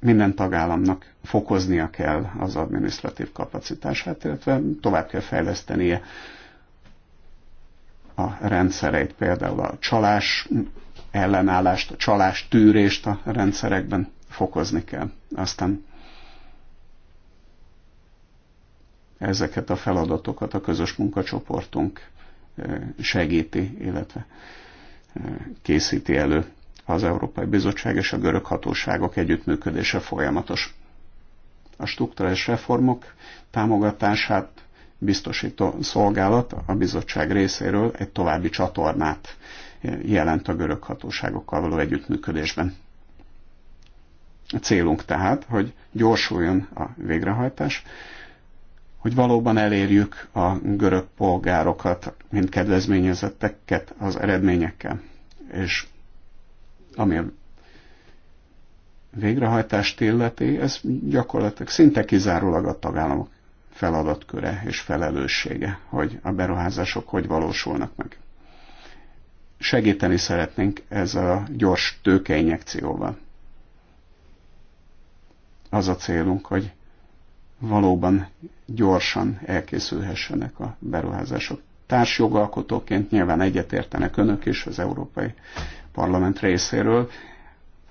minden tagállamnak fokoznia kell az administratív kapacitását, illetve tovább kell fejlesztenie a rendszereit, például a csalás ellenállást, a csalás tűrést a rendszerekben fokozni kell. Aztán ezeket a feladatokat a közös munkacsoportunk eh, segíti, illetve eh, készíti elő az Európai Bizottság és a görög hatóságok együttműködése folyamatos. A struktúrális reformok támogatását biztosító szolgálat a bizottság részéről egy további csatornát jelent a görög hatóságokkal való együttműködésben. A célunk tehát, hogy gyorsuljon a végrehajtás, hogy valóban elérjük a görög polgárokat, mint kedvezményezetteket az eredményekkel. És ami a végrehajtást illeti, ez gyakorlatilag szinte kizárólag a tagállamok feladatköre és felelőssége, hogy a beruházások hogy valósulnak meg. Segíteni szeretnénk ez a gyors tőkeinjekcióval. Az a célunk, hogy valóban gyorsan elkészülhessenek a beruházások. Társjogalkotóként nyilván egyetértenek önök is az Európai Parlament részéről,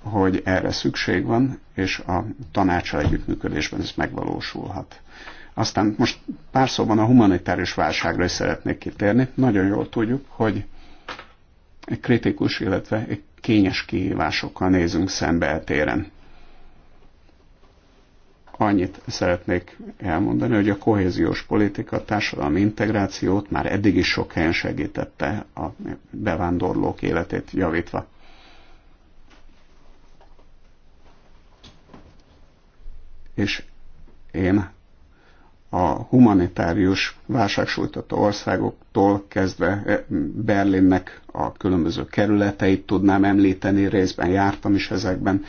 hogy erre szükség van, és a tanácsa együttműködésben ez megvalósulhat. Aztán most pár szóban a humanitárius válságra is szeretnék kitérni. Nagyon jól tudjuk, hogy egy kritikus, illetve egy kényes kihívásokkal nézünk szembe eltéren. Annyit szeretnék elmondani, hogy a kohéziós politika a társadalmi integrációt már eddig is sok helyen segítette a bevándorlók életét javítva. És én a humanitárius válságsújtató országoktól kezdve eh, Berlinnek a különböző kerületeit tudnám említeni, részben jártam is ezekben,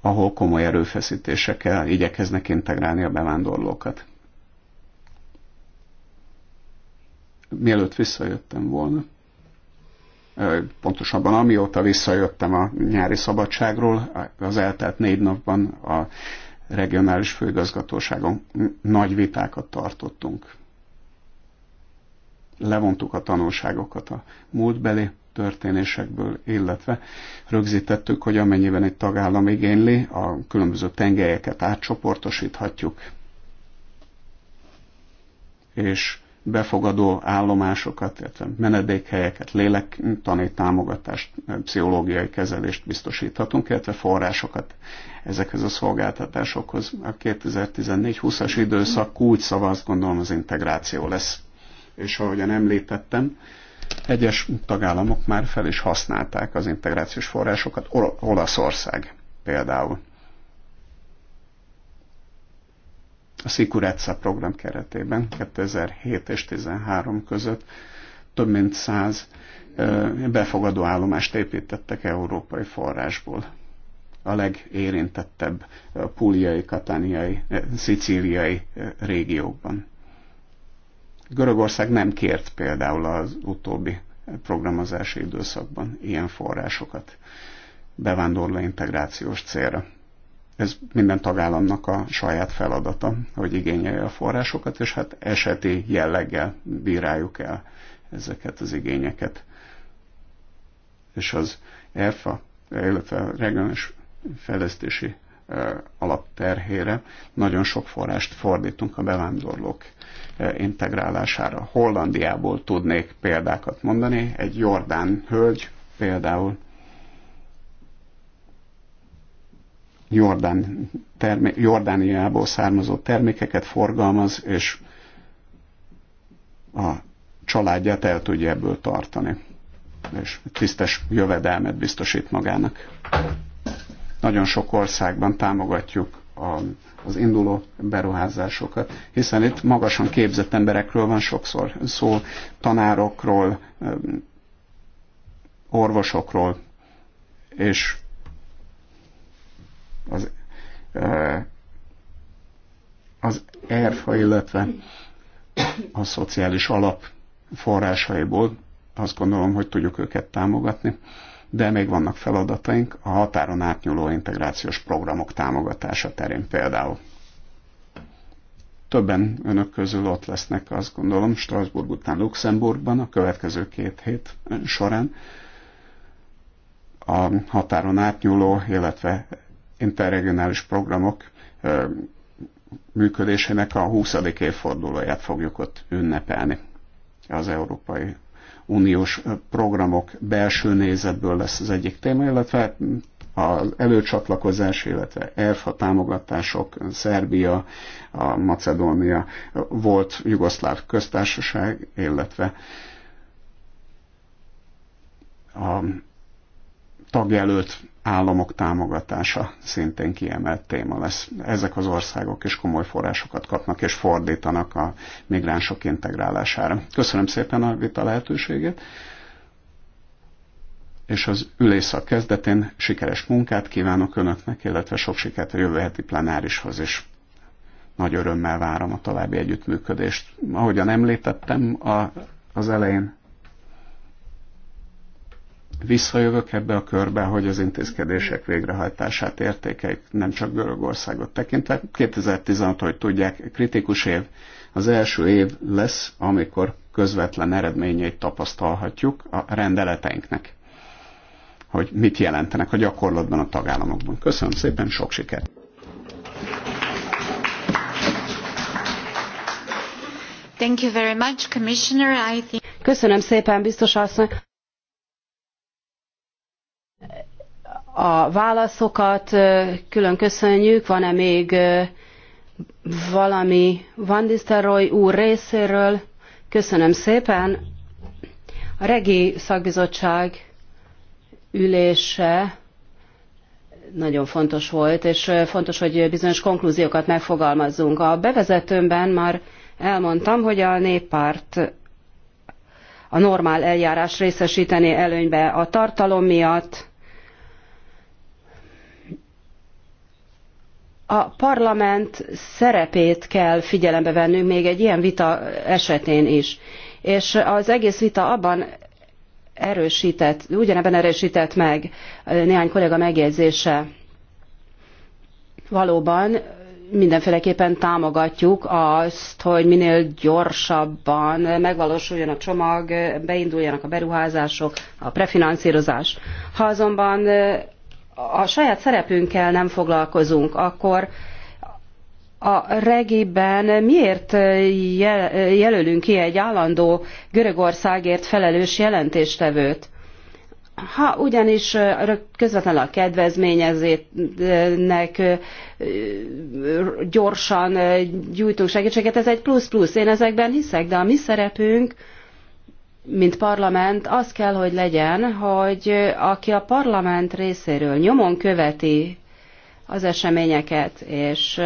ahol komoly erőfeszítésekkel igyekeznek integrálni a bevándorlókat. Mielőtt visszajöttem volna, eh, pontosabban amióta visszajöttem a nyári szabadságról, az eltelt négy napban a regionális főigazgatóságon nagy vitákat tartottunk. Levontuk a tanulságokat a múltbeli történésekből, illetve rögzítettük, hogy amennyiben egy tagállam igényli, a különböző tengelyeket átcsoportosíthatjuk, és befogadó állomásokat, illetve menedékhelyeket, lélektani támogatást, pszichológiai kezelést biztosíthatunk, illetve forrásokat ezekhez a szolgáltatásokhoz. A 2014-20-as időszak kulcs azt gondolom az integráció lesz. És ahogyan említettem, egyes tagállamok már fel is használták az integrációs forrásokat, Ol- Olaszország például. A Sikuretsa program keretében 2007 és 2013 között több mint 100 befogadó állomást építettek európai forrásból a legérintettebb eh, puliai, katániai, eh, szicíliai eh, régiókban. Görögország nem kért például az utóbbi programozási időszakban ilyen forrásokat bevándorló integrációs célra. Ez minden tagállamnak a saját feladata, hogy igényelje a forrásokat, és hát eseti jelleggel bíráljuk el ezeket az igényeket. És az ERFA, illetve a regionális fejlesztési alapterhére nagyon sok forrást fordítunk a bevándorlók integrálására. Hollandiából tudnék példákat mondani, egy jordán hölgy például Jordán termé- Jordániából származó termékeket forgalmaz, és a családját el tudja ebből tartani, és tisztes jövedelmet biztosít magának. Nagyon sok országban támogatjuk a, az induló beruházásokat, hiszen itt magasan képzett emberekről van sokszor szó, tanárokról, orvosokról, és az, az ERFA, illetve a szociális alap forrásaiból azt gondolom, hogy tudjuk őket támogatni de még vannak feladataink a határon átnyúló integrációs programok támogatása terén például. Többen önök közül ott lesznek, azt gondolom, Strasbourg után Luxemburgban a következő két hét során a határon átnyúló, illetve interregionális programok működésének a 20. évfordulóját fogjuk ott ünnepelni az Európai uniós programok belső nézetből lesz az egyik téma, illetve az előcsatlakozás, illetve ERFA támogatások, Szerbia, a Macedónia, volt Jugoszláv köztársaság, illetve a tagjelölt államok támogatása szintén kiemelt téma lesz. Ezek az országok is komoly forrásokat kapnak és fordítanak a migránsok integrálására. Köszönöm szépen a vita lehetőségét, és az ülésszak kezdetén sikeres munkát kívánok Önöknek, illetve sok sikert a jövő heti plenárishoz is. Nagy örömmel várom a további együttműködést. Ahogyan említettem a, az elején, visszajövök ebbe a körbe, hogy az intézkedések végrehajtását értékeik, nem csak Görögországot tekintve. 2016, hogy tudják, kritikus év, az első év lesz, amikor közvetlen eredményeit tapasztalhatjuk a rendeleteinknek hogy mit jelentenek a gyakorlatban a tagállamokban. Köszönöm szépen, sok sikert! Thank you very much, Commissioner. I think... Köszönöm szépen, biztos asszony a válaszokat külön köszönjük. Van-e még valami Van Disteroy úr részéről? Köszönöm szépen. A Regi Szakbizottság ülése nagyon fontos volt, és fontos, hogy bizonyos konklúziókat megfogalmazzunk. A bevezetőmben már elmondtam, hogy a néppárt a normál eljárás részesíteni előnybe a tartalom miatt, a parlament szerepét kell figyelembe vennünk még egy ilyen vita esetén is. És az egész vita abban erősített, ugyanebben erősített meg néhány kollega megjegyzése. Valóban mindenféleképpen támogatjuk azt, hogy minél gyorsabban megvalósuljon a csomag, beinduljanak a beruházások, a prefinanszírozás. Ha azonban a saját szerepünkkel nem foglalkozunk, akkor a regiben miért jelölünk ki egy állandó Görögországért felelős jelentéstevőt? Ha ugyanis közvetlenül a kedvezményezének gyorsan gyújtunk segítséget, ez egy plusz-plusz, én ezekben hiszek, de a mi szerepünk mint parlament, az kell, hogy legyen, hogy aki a parlament részéről nyomon követi az eseményeket, és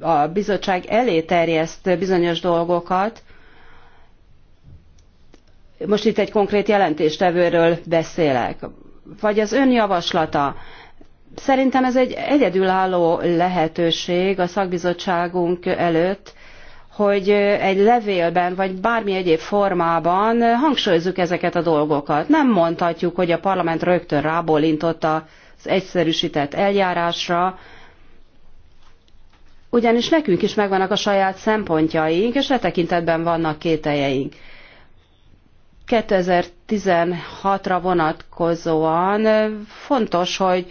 a bizottság elé terjeszt bizonyos dolgokat, most itt egy konkrét jelentéstevőről beszélek, vagy az ön javaslata. Szerintem ez egy egyedülálló lehetőség a szakbizottságunk előtt, hogy egy levélben, vagy bármi egyéb formában hangsúlyozzuk ezeket a dolgokat. Nem mondhatjuk, hogy a parlament rögtön rábólintott az egyszerűsített eljárásra, ugyanis nekünk is megvannak a saját szempontjaink, és e tekintetben vannak kételjeink. 2016-ra vonatkozóan fontos, hogy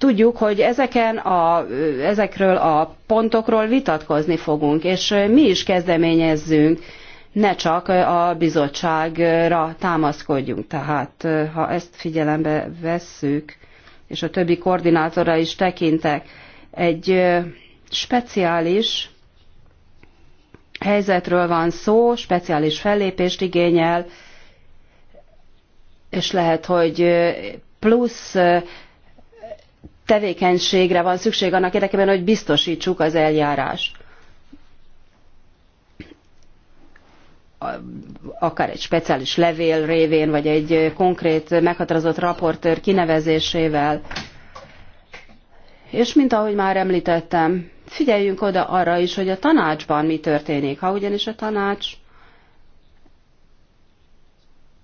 tudjuk, hogy ezeken a, ezekről a pontokról vitatkozni fogunk, és mi is kezdeményezzünk, ne csak a bizottságra támaszkodjunk. Tehát ha ezt figyelembe vesszük, és a többi koordinátorra is tekintek, egy speciális helyzetről van szó, speciális fellépést igényel, és lehet, hogy plusz tevékenységre van szükség annak érdekében, hogy biztosítsuk az eljárás. akár egy speciális levél révén, vagy egy konkrét meghatározott raportőr kinevezésével. És mint ahogy már említettem, figyeljünk oda arra is, hogy a tanácsban mi történik. Ha ugyanis a tanács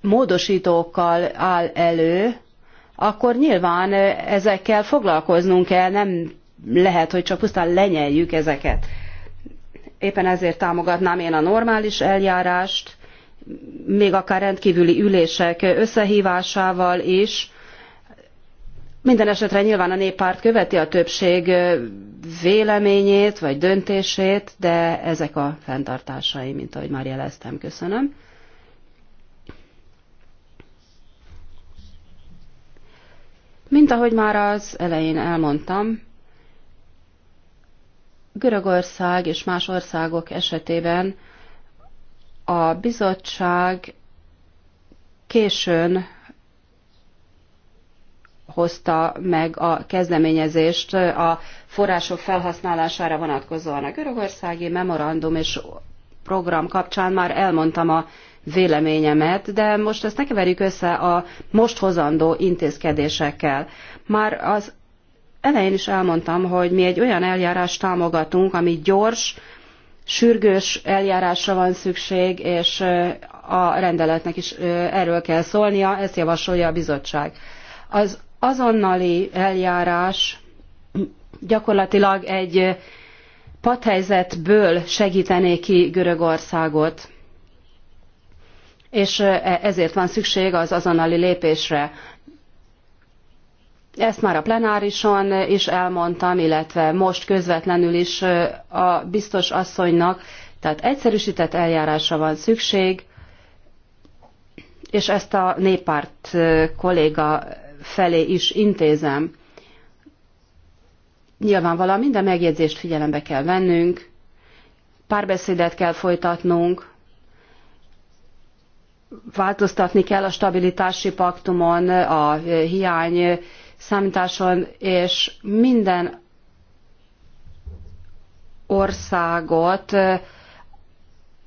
módosítókkal áll elő, akkor nyilván ezekkel foglalkoznunk kell, nem lehet, hogy csak pusztán lenyeljük ezeket. Éppen ezért támogatnám én a normális eljárást, még akár rendkívüli ülések összehívásával is. Minden esetre nyilván a néppárt követi a többség véleményét vagy döntését, de ezek a fenntartásai, mint ahogy már jeleztem. Köszönöm. Mint ahogy már az elején elmondtam, Görögország és más országok esetében a bizottság későn hozta meg a kezdeményezést a források felhasználására vonatkozóan. A görögországi memorandum és program kapcsán már elmondtam a véleményemet, de most ezt ne keverjük össze a most hozandó intézkedésekkel. Már az elején is elmondtam, hogy mi egy olyan eljárást támogatunk, ami gyors, sürgős eljárásra van szükség, és a rendeletnek is erről kell szólnia, ezt javasolja a bizottság. Az azonnali eljárás gyakorlatilag egy padhelyzetből segítené ki Görögországot és e, ezért van szükség az azonnali lépésre. Ezt már a plenárison is elmondtam, illetve most közvetlenül is a biztos asszonynak, tehát egyszerűsített eljárásra van szükség, és ezt a néppárt kolléga felé is intézem. Nyilvánvalóan minden megjegyzést figyelembe kell vennünk, párbeszédet kell folytatnunk, változtatni kell a stabilitási paktumon, a hiány számításon, és minden országot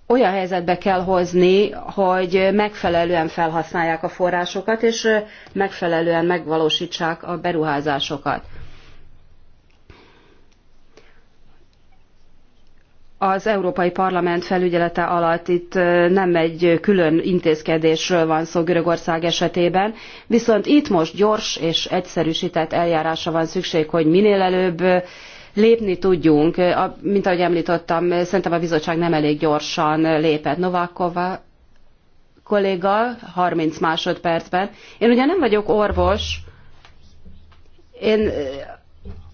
olyan helyzetbe kell hozni, hogy megfelelően felhasználják a forrásokat, és megfelelően megvalósítsák a beruházásokat. az Európai Parlament felügyelete alatt itt nem egy külön intézkedésről van szó Görögország esetében, viszont itt most gyors és egyszerűsített eljárásra van szükség, hogy minél előbb lépni tudjunk. Mint ahogy említettem, szerintem a bizottság nem elég gyorsan lépett. Novákova kolléga 30 másodpercben. Én ugye nem vagyok orvos, én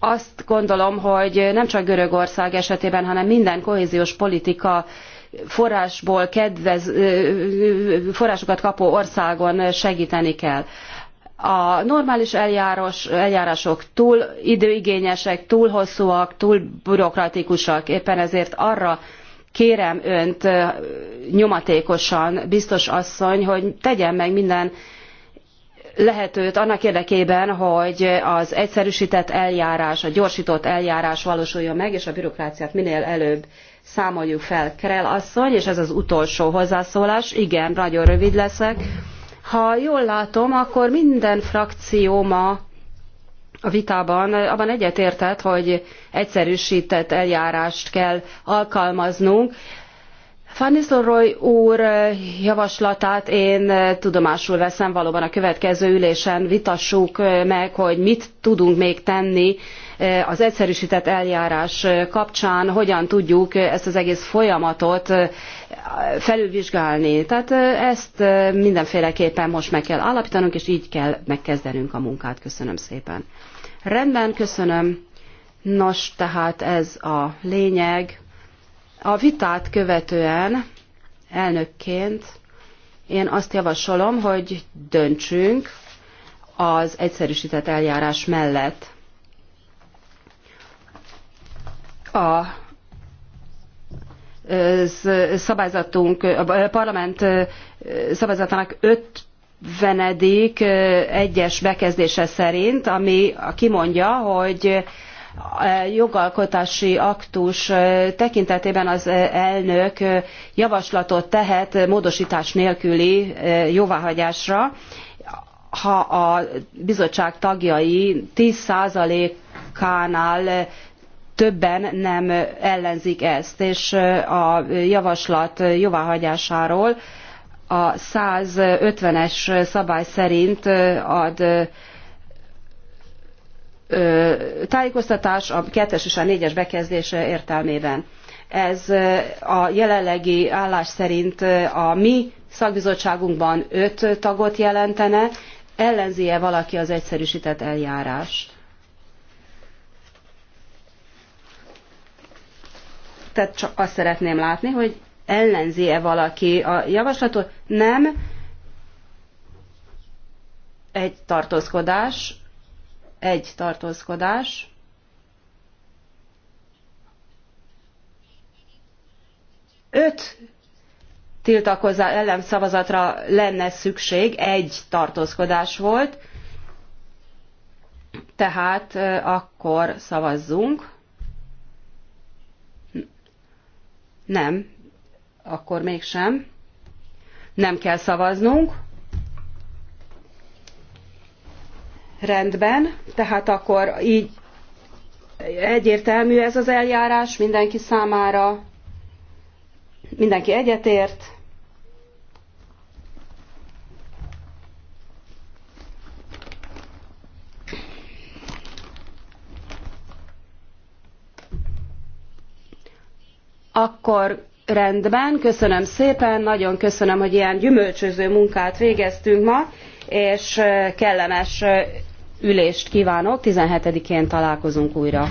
azt gondolom, hogy nem csak Görögország esetében, hanem minden kohéziós politika forrásból kedvez, forrásokat kapó országon segíteni kell. A normális eljárások túl időigényesek, túl hosszúak, túl bürokratikusak. Éppen ezért arra kérem önt nyomatékosan, biztos asszony, hogy tegyen meg minden lehetőt annak érdekében, hogy az egyszerűsített eljárás, a gyorsított eljárás valósuljon meg, és a bürokráciát minél előbb számoljuk fel. Krell asszony, és ez az utolsó hozzászólás, igen, nagyon rövid leszek. Ha jól látom, akkor minden frakció ma a vitában abban egyetértett, hogy egyszerűsített eljárást kell alkalmaznunk van Nistelrooy úr eh, javaslatát én eh, tudomásul veszem, valóban a következő ülésen vitassuk eh, meg, hogy mit tudunk még tenni az egyszerűsített eljárás kapcsán, hogyan tudjuk ezt az egész folyamatot felülvizsgálni. Tehát ezt mindenféleképpen most meg kell állapítanunk, és így kell megkezdenünk a munkát. Köszönöm szépen. Rendben, köszönöm. Nos, tehát ez a lényeg. A vitát követően elnökként én azt javasolom, hogy döntsünk az egyszerűsített eljárás mellett. A szabályzatunk, a parlament szabályzatának 50. egyes bekezdése szerint, ami kimondja, hogy jogalkotási aktus tekintetében az elnök javaslatot tehet módostás nélküli jóváhagyásra, ha a bizottság tagjai 10%-ánál többen nem ellenzik ezt, és a javaslat jóváhagyásáról a 150-es szabály szerint ad tájékoztatás a kettes és a négyes bekezdés értelmében. Ez a jelenlegi állás szerint a mi szakbizottságunkban öt tagot jelentene, ellenzi-e valaki az egyszerűsített eljárást? Tehát csak azt szeretném látni, hogy ellenzi-e valaki a javaslatot? Nem. Egy tartózkodás egy tartózkodás. Öt tiltakozás ellen szavazatra lenne szükség, egy tartózkodás volt, tehát akkor szavazzunk. Nem, akkor mégsem. Nem kell szavaznunk. Rendben, tehát akkor így egyértelmű ez az eljárás mindenki számára, mindenki egyetért. Akkor rendben, köszönöm szépen, nagyon köszönöm, hogy ilyen gyümölcsöző munkát végeztünk ma, és kellemes ülést kívánok, seventeen én találkozunk újra.